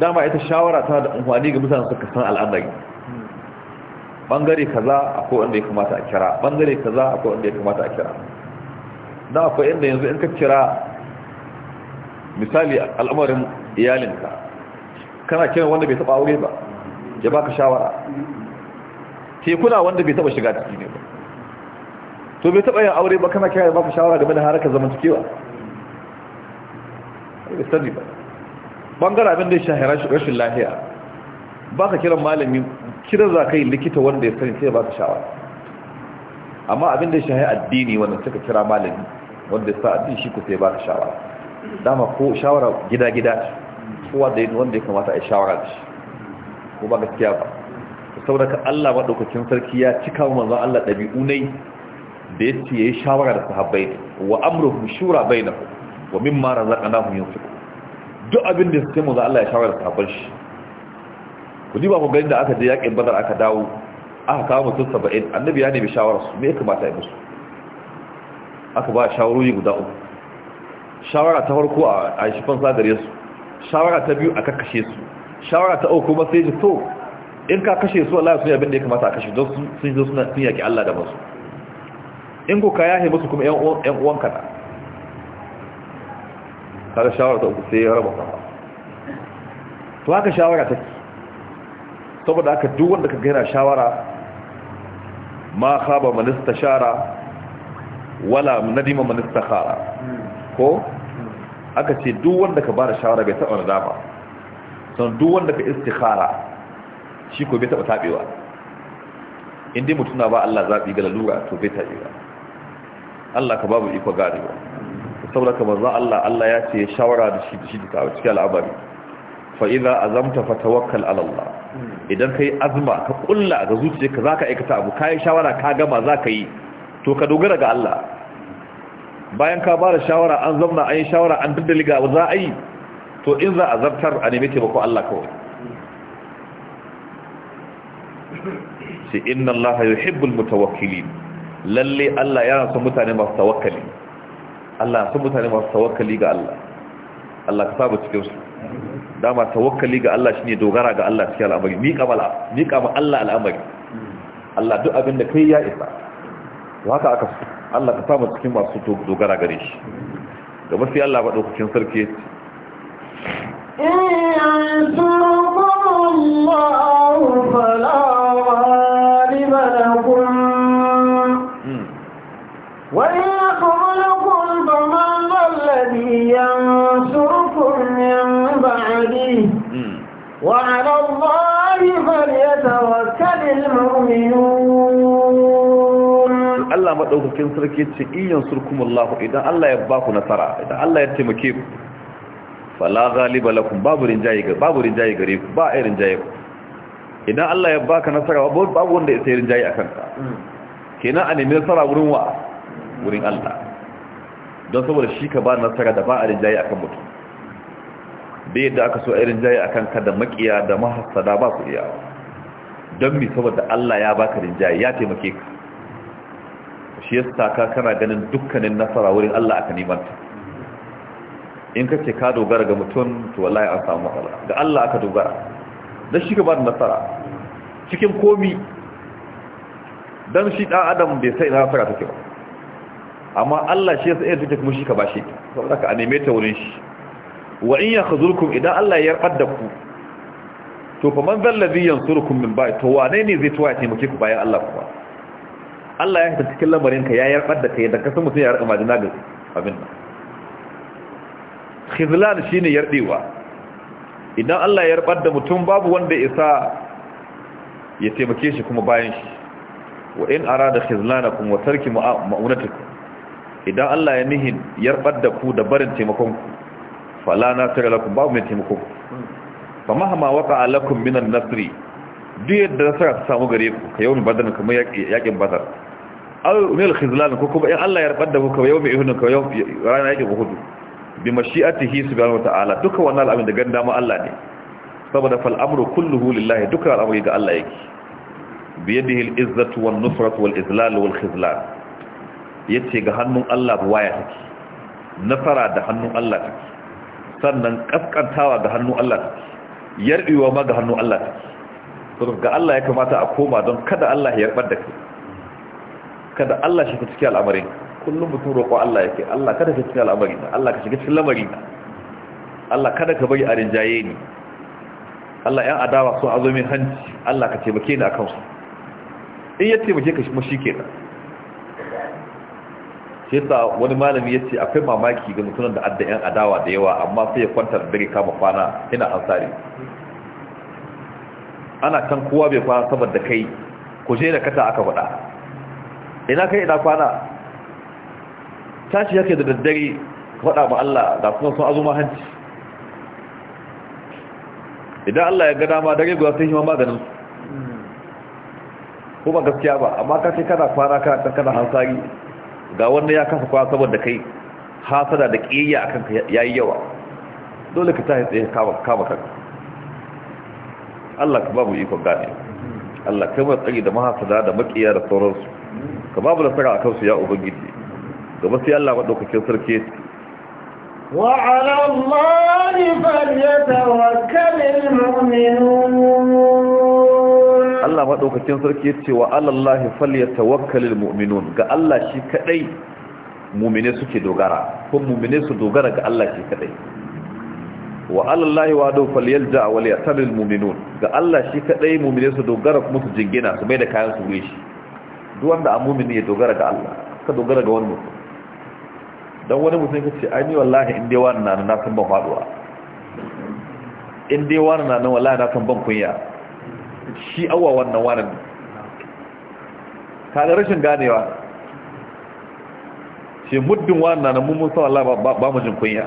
dama ita shawara tana da amfani ga mutane suka san al'amari bangare kaza akwai wanda ya kamata a kira bangare kaza akwai wanda ya kamata a kira Na akwai inda yanzu in ka kira misali al'amarin iyalinka kana kiran wanda bai taba aure ba ya baka shawara kuna wanda bai taba shiga ciki ne ba to bai taba yin aure ba kana kira ya baka shawara game da harkar zamantakewa bai sani ba bangaren abin da ya shahara rashin lahiya ba ka kiran malami kiran za ka yi likita wanda ya sani sai ya baka shawara amma abin da ya shahara addini wanda suka kira malami wanda ya sa addini shi ku sai ba ka shawara dama ko shawara gida-gida kowa da wanda ya kamata a shawara da shi ko ba gaskiya ba saboda ka Allah maɗaukacin sarki ya cika wa manzon Allah ɗabi'u ne da ya ce ya yi shawara da sahabbai wa amruhum shura bai na wa min na razaqnahum yunfiqun duk abin da sai manzon Allah ya shawara da sahabban shi ku ji ba ku gani da aka je yaƙin badar aka dawo aka kawo mutum saba'in annabi ya nemi shawara su me ya kamata ya musu aka ba shawarori guda uku shawara ta farko a shifan sadare su shawara ta biyu a kakashe su shawara ta uku kuma sai ji to in ka kashe su Allah ya yi abin da ya kamata a kashe don sun yi sun yaki Allah da masu in ku ka yahe musu kuma yan uwan kana kada shawara ta uku sai ya raba kafa to haka shawara take saboda haka duk wanda ka gaira shawara ma khaba man istashara wala nadima man istakhara ko aka ce duk wanda ka bada shawara bai taba ba san duk wanda ka istikhara shi ko bai taba tabewa indai mutuna ba Allah zabi ga lalura to bai tabewa Allah ka babu iko garewa saboda ka manzo Allah Allah ya ce shawara da shi da shi da cikin al'amari fa idza azamta fatawakkal ala Allah idan kai azma ka kulla ga zuciyarka zaka aikata abu kai shawara ka gama zaka yi to ka dogara ga Allah bayan ka bada shawara an zamna an yi shawara an daddali ga za a yi to in za a zartar a nemi taimako Allah kawai shi inna Allah yuhibbul mutawakkilin lalle Allah yana son mutane masu tawakkali Allah son mutane masu tawakkali ga Allah Allah ka saba cikin su dama tawakkali ga Allah shine dogara ga Allah cikin al'amari miƙa ma Allah al'amari Allah duk abin da kai ya isa to haka aka Allah ka samu cikin masu dogara gare shi gaba sai Allah ba daukakin sarki وإن يقبلكم فمن الذي ينصركم من بعده وعلى الله فليتوكل المؤمنون Allah maɗaukakin sarki ce iyan Allah idan Allah ya ba ku nasara idan Allah ya taimake ku fala ghaliba lakum babu rinjaye ga babu rinjaye gare ku ba irin jayi ku idan Allah ya baka nasara babu wanda ya sai jayi akan ka kenan a nemi nasara wurin wa wurin Allah don saboda shi ka ba nasara da ba a rinjaye akan mutum da yadda aka so a jayi akan ka da makiya da mahassada ba ku iya don mi saboda Allah ya baka rinjaye ya taimake ka shi ya ka kana ganin dukkanin nasara wurin Allah aka nemanta in ka ce ka dogara ga mutum to wallahi an samu matsala ga Allah aka dogara dan shi gaba da nasara cikin komi dan shi dan adam bai sai nasara take ba amma Allah shi yasa yake take shi ka bashi saboda ka neme ta wurin shi wa in yakhzulkum idan Allah ya yarda ku to fa man zal ladhi yansurukum min ba'i to wane ne zai tuwa ya taimake ku bayan Allah kuma Allah ya hita cikin lamarin ka ya yarbar da kai da kasan mutum ya rika majina ga abin nan khizlan shine yardewa idan Allah ya yarbar da mutum babu wanda isa ya taimake shi kuma bayan shi wa in arada khizlanakum wa tarki ma'unatikum idan Allah ya nihin yarbar da ku da barin taimakon ku fala tare lakum babu mai taimako fa mahama waqa'a lakum minan nasri duk yadda nasara ta samu gare ku ka wani badana kamar yakin badar aw mil khizlan ko kuma in Allah ya rabar da ku yau mai ka yau rana yake buhudu bi mashi'atihi subhanahu wa ta'ala duka wannan al'amin da ganda ma Allah ne saboda fal amru kulluhu lillahi duka al'amari ga Allah yake bi yadihi al-izzatu wan nusratu wal izlal wal khizlan yace ga hannun Allah buwaya take nasara da hannun Allah take sannan kaskantawa ga hannun Allah take yarbiwa ma ga hannun Allah take saboda ga Allah ya kamata a koma don kada Allah ya rabar da kai kada Allah shi cikin al'amarin kullum mutum roƙo Allah yake Allah kada ka cikin al'amarin Allah ka shiga cikin lamarin Allah kada ka bari a rinjaye ni Allah ya adawa sun azo min hanci Allah ka taimake ni akan su in ya taimake ka kuma shikenan shi ta wani malami ya ce akwai mamaki ga mutunan da adda yan adawa da yawa amma sai ya kwanta da dare kama kwana ina ansari ana can kowa bai kwana saboda kai ku je da kata aka faɗa ina kai ina kwana tashi yake da daddare faɗa ba Allah da kuma sun azuma hanci idan Allah ya gada ma dare guda yi hima maganin ko ba gaskiya ba amma ka ce kana kwana kana can kana hansari ga wanda ya kasa kwana saboda kai hasada da ƙiyayya akan ka yi yawa dole ka tashi tsaye kama kama kanka Allah ka babu ikon gane Allah kai mai tsari da mahasada da makiya da sauransu ka babu nasara a kansu ya ubangiji gaba sai Allah maɗaukakin sarki وعلى الله فليتوكل المؤمنون الله madaukakin sarki ce wa ya tawakkalin mu'minun ga Allah shi kadai mu'mine suke dogara ko mu'mine su dogara ga Allah shi kadai wa alallahi wa do falyalja wa liyatalul mu'minun ga Allah shi kadai mu'mine su dogara kuma su jingina su mai da kayan su wuri shi duk wanda a mumini ya dogara ga Allah ka dogara ga wani mutum don wani mutum ka ce an yi wallahi in dai wani na san ban faduwa in wani na nan wallahi na san ban kunya shi awa wannan wani ga rashin ganewa ce muddin wani na na mummun san wallahi ba mu jin kunya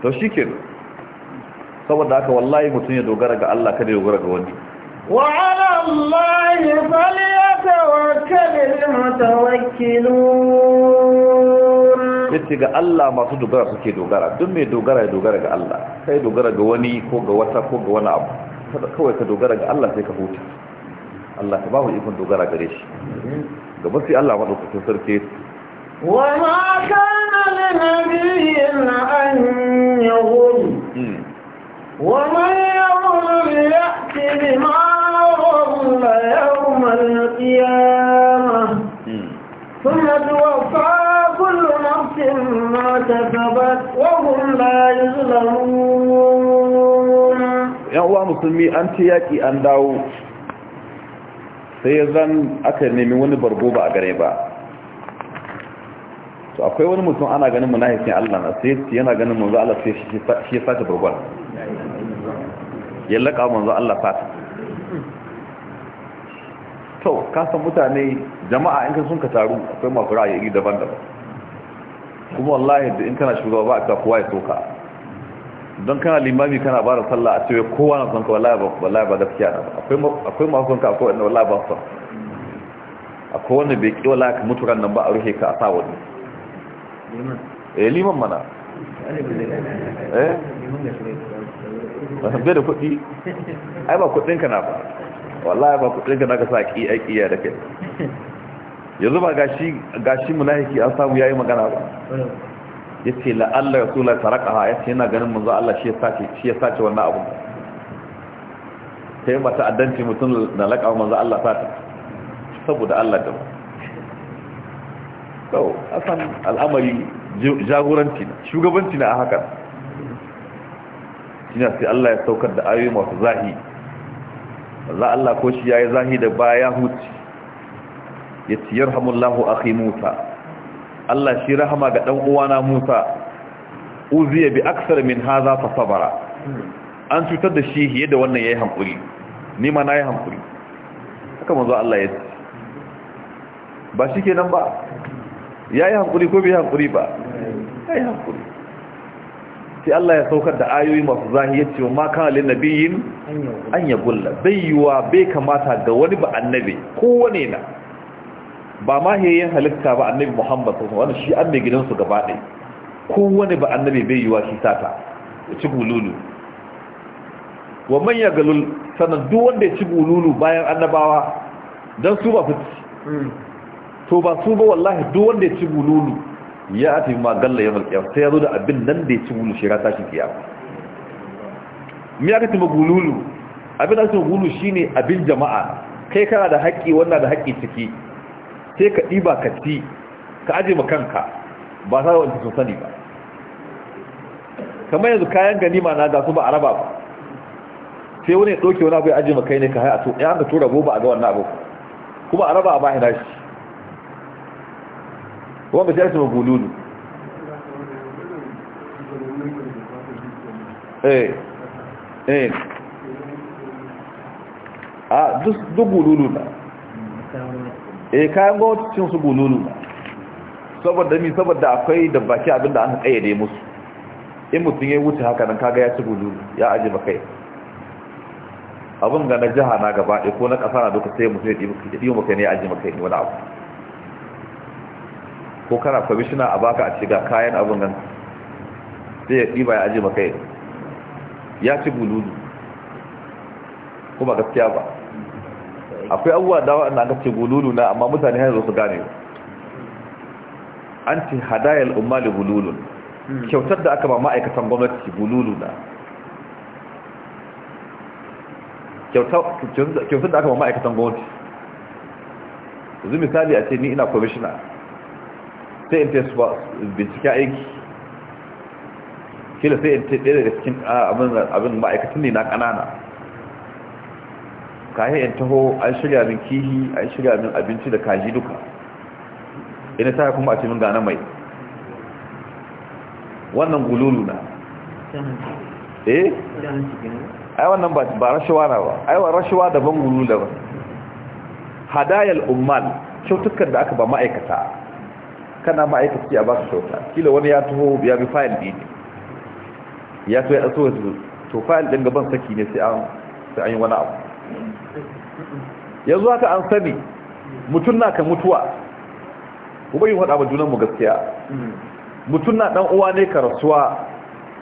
to shi ke saboda haka wallahi mutum ya dogara ga Allah kada ya dogara ga wani وعلى الله فليتوكل المتوكلون yace ga Allah masu dogara suke dogara duk mai dogara ya dogara ga Allah kai dogara ga wani ko ga wata ko ga wani abu kawai ka dogara ga Allah sai ka huta Allah ka ba mu ikon dogara gare shi gaba sai Allah madaukakin sarki wa ma kana lin nabiyyin an yaghul ومن يظلم يأت بما ظلم يوم القيامة ثم توفى كل نفس ما كسبت وهم لا يظلمون yan uwa musulmi an ce yaƙi an dawo sai ya zan aka nemi wani bargo ba a gare ba to akwai wani mutum ana ganin munafikin Allah na sai yana ganin manzo Allah sai shi ya sace bargon yallaka manzo Allah fata to kasan mutane jama'a in kan sun ka taru akwai masu ra'ayi daban-daban kuma wallahi da in kana shugaba ba ka kowa ya soka don kana limami kana ba da sallah a cewa kowa na son ka wallahi ba wallahi ba gaskiya na akwai akwai masu son akwai wanda wallahi ba son akwai wanda bai ki wallahi ka mutu nan ba a ruhe ka a sa wani eh liman mana eh (laughs) ba da kuɗi ai ba kuɗinka na ba wallahi ba kuɗinka na ka sa ƙiya da kai yanzu ba gashi gashi an samu yayi magana ba yace la Allah rasulullah tarakaha yace yana ganin manzo Allah shi ya sace shi ya wannan abu sai mata addanci mutum da lakawa manzo Allah ta. saboda Allah da to asan al'amari jagoranci shugabanci na a haka shine sai Allah ya saukar da ayoyi masu zahi za Allah ko shi yayi zahi da baya huci yace yarhamullahu akhi Musa Allah shi rahama ga dan uwana Musa uziya bi aksar min hadha fa sabara an cutar da shi yadda wannan yayi hankuri ni ma nayi hankuri haka manzo Allah ya ce ba shikenan ba yayi hankuri ko bai hankuri ba yayi hankuri sai Allah ya saukar da ayoyi masu zahiyar cewa ma kana lin nabiyin an ya gulla bai yiwa bai kamata ga wani ba annabi ko wane na ba ma hayyan halitta ba annabi Muhammad sallallahu alaihi wasallam shi an mai gidansu gaba ɗaya wani ba annabi bai yiwa shi sata ya ci gululu wa man ya galul sanan duk wanda ya ci gululu bayan annabawa dan su ba fiti hmm. to ba su ba wallahi duk wanda ya ci gululu ya ati ma galla yamal qiyam sai yazo da abin nan da ya ci wulu rata shi kiyama me ya kace magululu abin da cikin gulu shine abin jama'a kai kana da haƙƙi wannan da haƙƙi ciki sai ka ɗiba ka ci ka aje ma kanka ba sa wanda sun sani ba kamar yanzu kayan ganima na ga su ba a raba ba sai wani ya ɗauke wani abu ya aje ma kai ne ka haya ya an ka tura gobe a ga wannan abu kuma a raba a bahi shi. wanda sai su guludu eh eh a duk guludu na eh kayan gwamnatin su guludu na saboda mi saboda akwai da baki abinda an kayyade musu in mutum ya wuce haka nan kaga ya ci guludu ya aje ba kai abin ga na jiha na gaba ko na ƙasa na duka sai mutum ya ɗi maka ne ya aji maka ne wani abu ko kana kwamishina a baka a ga kayan abin nan sai ya ɗiba ya aji maka ya ci bululu. kuma gaskiya ba akwai abubuwa da waɗanda aka ce gululu na amma mutane hanyar su gane an ce hadayar umali bululun. kyautar da aka ba ma'aikatan gwamnati bululu na kyautar da aka ba ma'aikatan gwamnati yanzu misali a ce ni ina kwamishina sai in test ba bincike aiki kila sai in test ɗaya daga cikin abin ma'aikatan ne na ƙanana kayan in taho an shirya min kihi an shirya min abinci da kaji duka ina ta kuma a cikin gane mai wannan gululu na eh ai wannan ba rashawa na ba ai rashawa daban gululu daban hadayal ummal kyautukar da aka ba ma'aikata kana ma'aikaci a baka kyauta kila wani ya taho ya bi fayil ɗin ya so ya so to fayil ɗin gaban saki ne sai an yi wani abu yanzu haka an sani mutum na ka mutuwa kuma bai faɗa ba junanmu gaskiya mutum na dan uwa ne ka rasuwa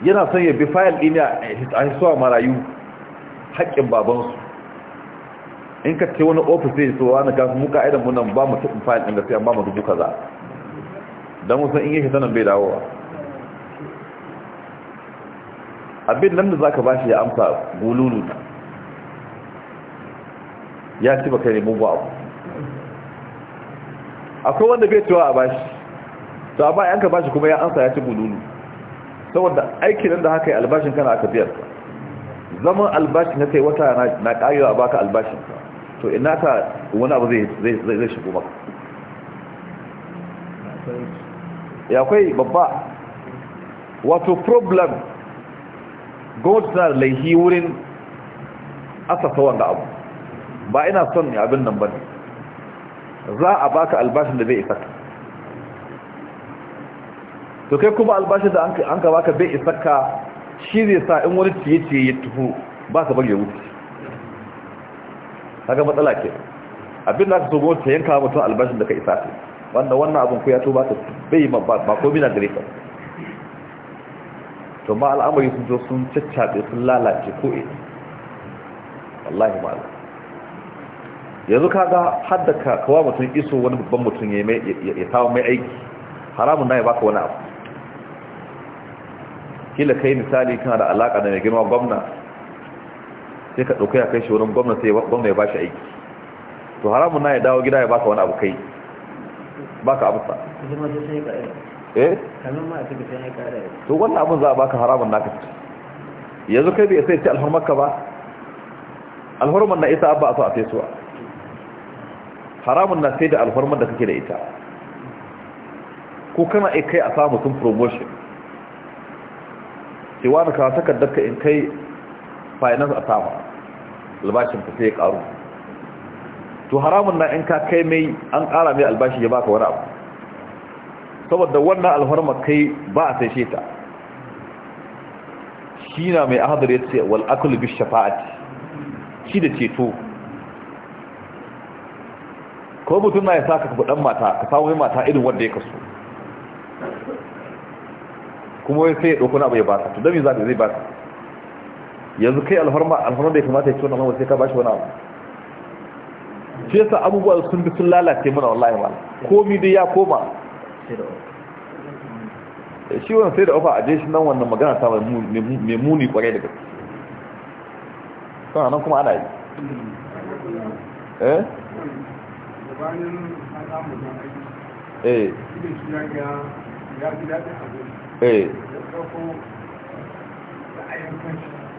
yana son ya bi fayil ɗin a hisuwa marayu haƙƙin babansu in ka ce wani ofis zai so wani gasu muka idan munan ba mu taɓin fayil ɗin gaskiya ba mu dubu kaza don wasan in yake sanan bai dawowa abin nan da za ka ba shi ya amsa gululu ya ci baka ne ba abu akwai wanda bai cewa a bashi to a bayan ka bashi kuma ya amsa ya ci gululu saboda nan da haka yi albashin kana aka biyar zaman albashin na kai wata na kayo a baka albashin to ina ka wani abu zai shigo maka ya akwai babba wato problem gwamnati na laihi wurin ta wanga abu ba ina son ya abin nan ba ne za a baka albashin da bai isa to kai kuma albashin da an ka baka bai isa ka shi zai sa in wani ciye-ciye ya tuhu ba ka bari ya wuce haka matsala ke abin da aka so gwamnati yanka mutum albashin da ka isa ka wanda wannan abin ku ya tuba ba ta bai ba ko na gare ka to ma al'amari sun zo sun caccaɓe sun lalace ko ina wallahi ma'ala yanzu kaga hadda ka kawa mutum iso wani babban mutum ya ya kawo mai aiki haramun na ya baka wani abu kila kai misali kana da alaka da mai girma gwamna sai ka ɗauka ya kai shi wurin gwamna sai gwamna ya ba shi aiki to haramun na ya dawo gida ya baka wani abu kai baka abu sa eh to wannan abin za a baka haramun naka yanzu kai bai sai ce alhurmarka ba alhurmar na ita ba a so a sai suwa haramun na sai da alhurmar da kake da ita ko kana kai a samu sun promotion wani ka kawo takardarka in kai finance a sama albashin ka sai ya karu to haramun na in ka kai mai an ƙara mai albashi ya baka wani abu saboda wannan alfarma kai ba a sai shi ta shi na mai ahadar ya ce wal akul bi shafa'ati shi da ceto ko mutum na ya sa ka kuɗan mata ka samu mata irin wanda ya kaso kuma wai sai ya ɗauko na abu ya ba ta to dami za ka zai ba ta yanzu kai alfarma da ya kamata ya ci wani alfarma sai ka ba shi wani abu shi yasa abubuwa sun bi sun lalace mana wallahi ba komi dai ya koma shi wani sai da ofa a jeshi nan wannan magana ta mai muni kwarai da gaske sana nan kuma ana yi eh eh eh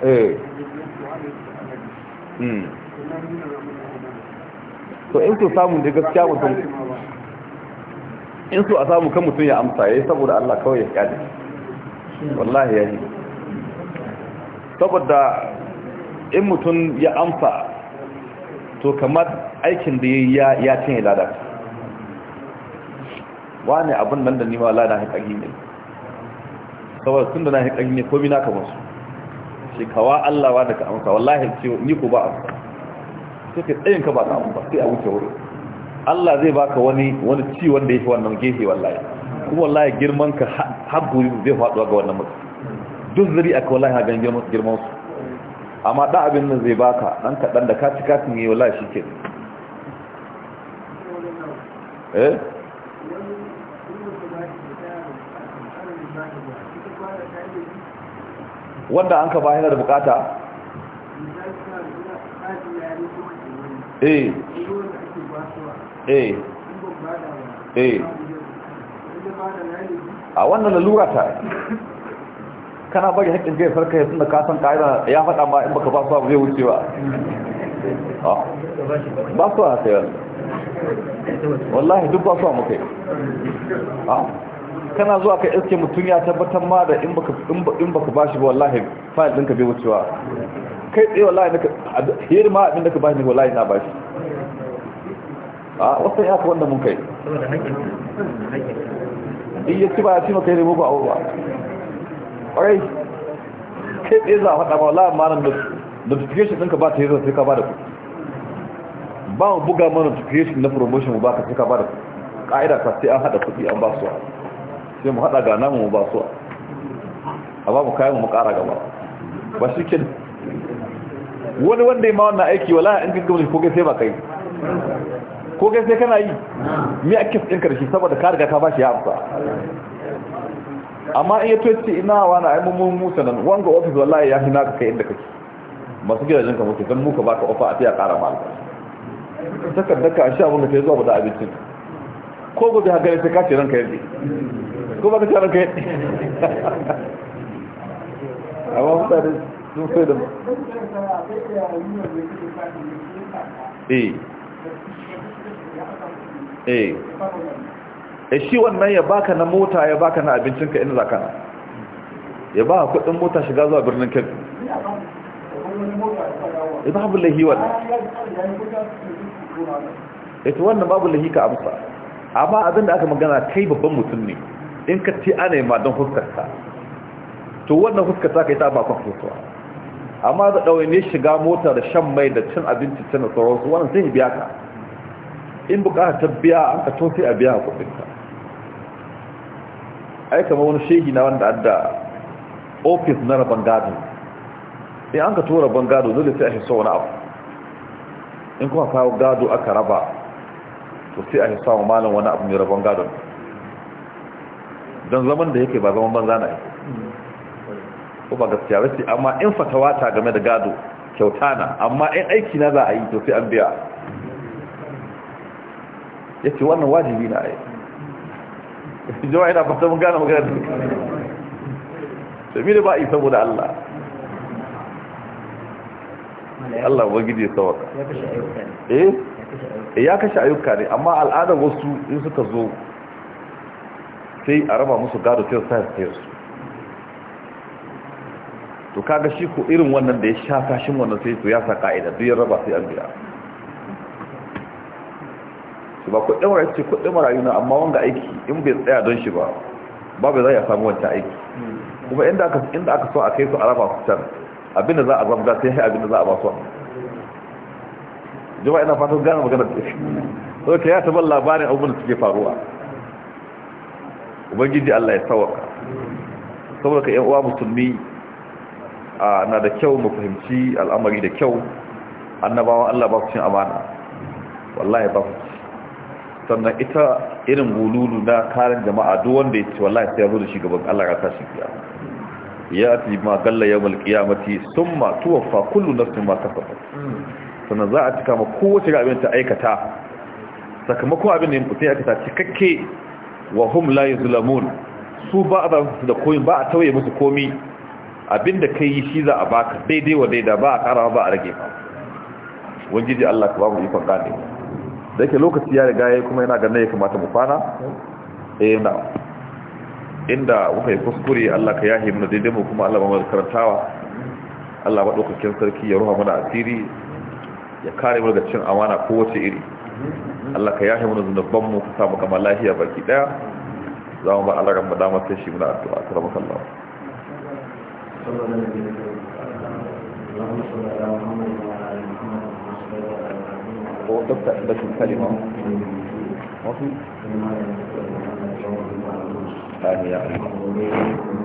eh hmm. to in so samu da gaskiya mutum in so a samu kan mutum ya amsa ya yi saboda Allah kawai ya kyale wallahi ya yi saboda in mutum ya amsa to kamar aikin da ya yi ya cinye ladar wani abun nan da ni na lada haƙaƙi ne saboda tun da na haƙaƙi ne komi na kamar su shekawa Allah wa da ka amsa wallahi ce ni ko ba amsa sai ka tsayin ka ba ta ba sai a wuce wuri Allah zai baka wani wani ci wanda yake wannan gefe wallahi kuma wallahi girman ka har guri zai faduwa ga wannan mutum duk zuri aka wallahi hagan girman girman su amma da abin nan zai baka dan dan da ka ci ka yi wallahi ke eh wanda an ka bayar da bukata Eh. Eh. Eh. a wannan lalura ta kana bari haƙƙin kai farka ya suna kasan ƙa'ida ya faɗa ma in baka ba su abu wuce ba ah. ba su a sayar wallahi duk ba su a mukai ah. kana zuwa ka iske mutum ya tabbatar ma da in baka ba shi ba wallahi fayil ɗinka bai wucewa kai tsaye wallahi naka hiyar ma abin da ka bashi ne wallahi na bashi a wasan ya fi wanda mun kai in ya ci ba ya ci maka ne muku abubuwa ƙwarai kai tsaye za a faɗa ma wallahi ma nan notification ɗinka ba ta yi sai ka ba da ku ba mu buga ma notification na promotion mu ba ka sai ka ba da ku ƙa'ida ka sai an haɗa kuɗi an ba su sai mu haɗa ga namu mu ba su a ba mu kayan mu ƙara gaba ba shi kenan wani wanda ya ma wannan aiki wala in kinka ko kai sai ba kai ko kai sai kana yi me ake tsin karshe saboda ka riga ka bashi ya amsa amma in ya ce ina wa na aimun mun musa nan wanga ofis wallahi ya hina ka kai inda kake masu gidajen jinka muke don muka baka ofa a a ƙara mal takaddaka a sha abin da kai zuwa ba da abincin ko gobe ha gare sai ka ce ranka yadda ko ba ka ce ranka yadda (laughs) amma mutane sun sai da eh. Eh. Eh, shi wannan ya baka na mota ya baka na abincinka ina za kana ya ba kudin mota shiga zuwa birnin kirkuk ya babu lahi wannan ita wannan babu lahi ka amsa amma abinda aka magana kai babban mutum ne in ka ce ana yi ma don fuskarta to wannan fuskarta ka yi ta bakon fuskarta amma da ɗauye ne shiga mota da shan mai da cin abinci cin sauransu wani zai biya ka in buƙatar ta biya an ka tofi a biya kuɗinka ai kama wani shehi na wanda da ofis na rabon gado in an ka tura rabon gado dole sai a hisa wani abu in kuma kawo gado aka raba to sai a hisa wa malam wani abu ne rabon gado don zaman da yake ba zaman banza na yake ko ba gaskiya ba ce amma in fatawa ta game da gado kyauta na amma in aiki na za a yi to sai an biya ya ce wannan wajibi na ai jama'a ina fata mun gane magana da sami da ba a yi saboda Allah Allah ba ya sawaka eh ya kashe ayyuka ne amma al'adar wasu in suka zo sai a raba musu gado sai su sa su to kaga shi ko irin wannan da ya sha kashin wannan sai to ya sa ka'ida duk ya raba sai an biya shi ba kuɗin dawo ce kuɗin marayu na amma wanga aiki in bai tsaya don shi ba babu zai ya samu wancan aiki kuma inda aka inda aka so a kai su a raba su can abinda za a zabga sai abinda za a ba su jama'a ina fatan gane magana da shi so ta ya taɓa labarin abubuwan da suke faruwa ubangiji Allah ya sawaka saboda ka yan uwa musulmi na da kyau mu fahimci al'amari da kyau annabawan Allah ba su cin amana wallahi ba su sannan ita irin gululu na karin jama'a duk wanda ya ce wallahi sai ya zo da shi gaban Allah ga tashin kiyama ya ti ma galla ya yawmal qiyamati summa tuwaffa kullu nafsin ma kasabat sannan za a cika ma kowace ga abin ta aikata sakamakon abin da mutum ya aikata cikakke wa hum la yuzlamun su ba a da koyin ba a tauye musu komi abinda kai yi shi za a baka daidai wa daidai ba a karawa ba a rage ba wangiji Allah ka babu ikon gane da yake lokaci ya riga yi kuma yana ganin ya kamata mu kwana eh na inda muka yi kuskure Allah ka yahi mana daidai mu kuma Allah ba mu karantawa Allah ba dokokin sarki ya ruha mana asiri ya kare mu daga cin amana ko wace iri Allah ka yahi mana zunuban mu ka samu kamar lafiya baki daya za mu ba Allah ran damar sai shi muna addu'a assalamu alaikum صلى الله عليه وسلم اللهم صل على محمد وعلى ال محمد كما صليت على ابراهيم ووضبت بس الكلمه وفي آمين يا الله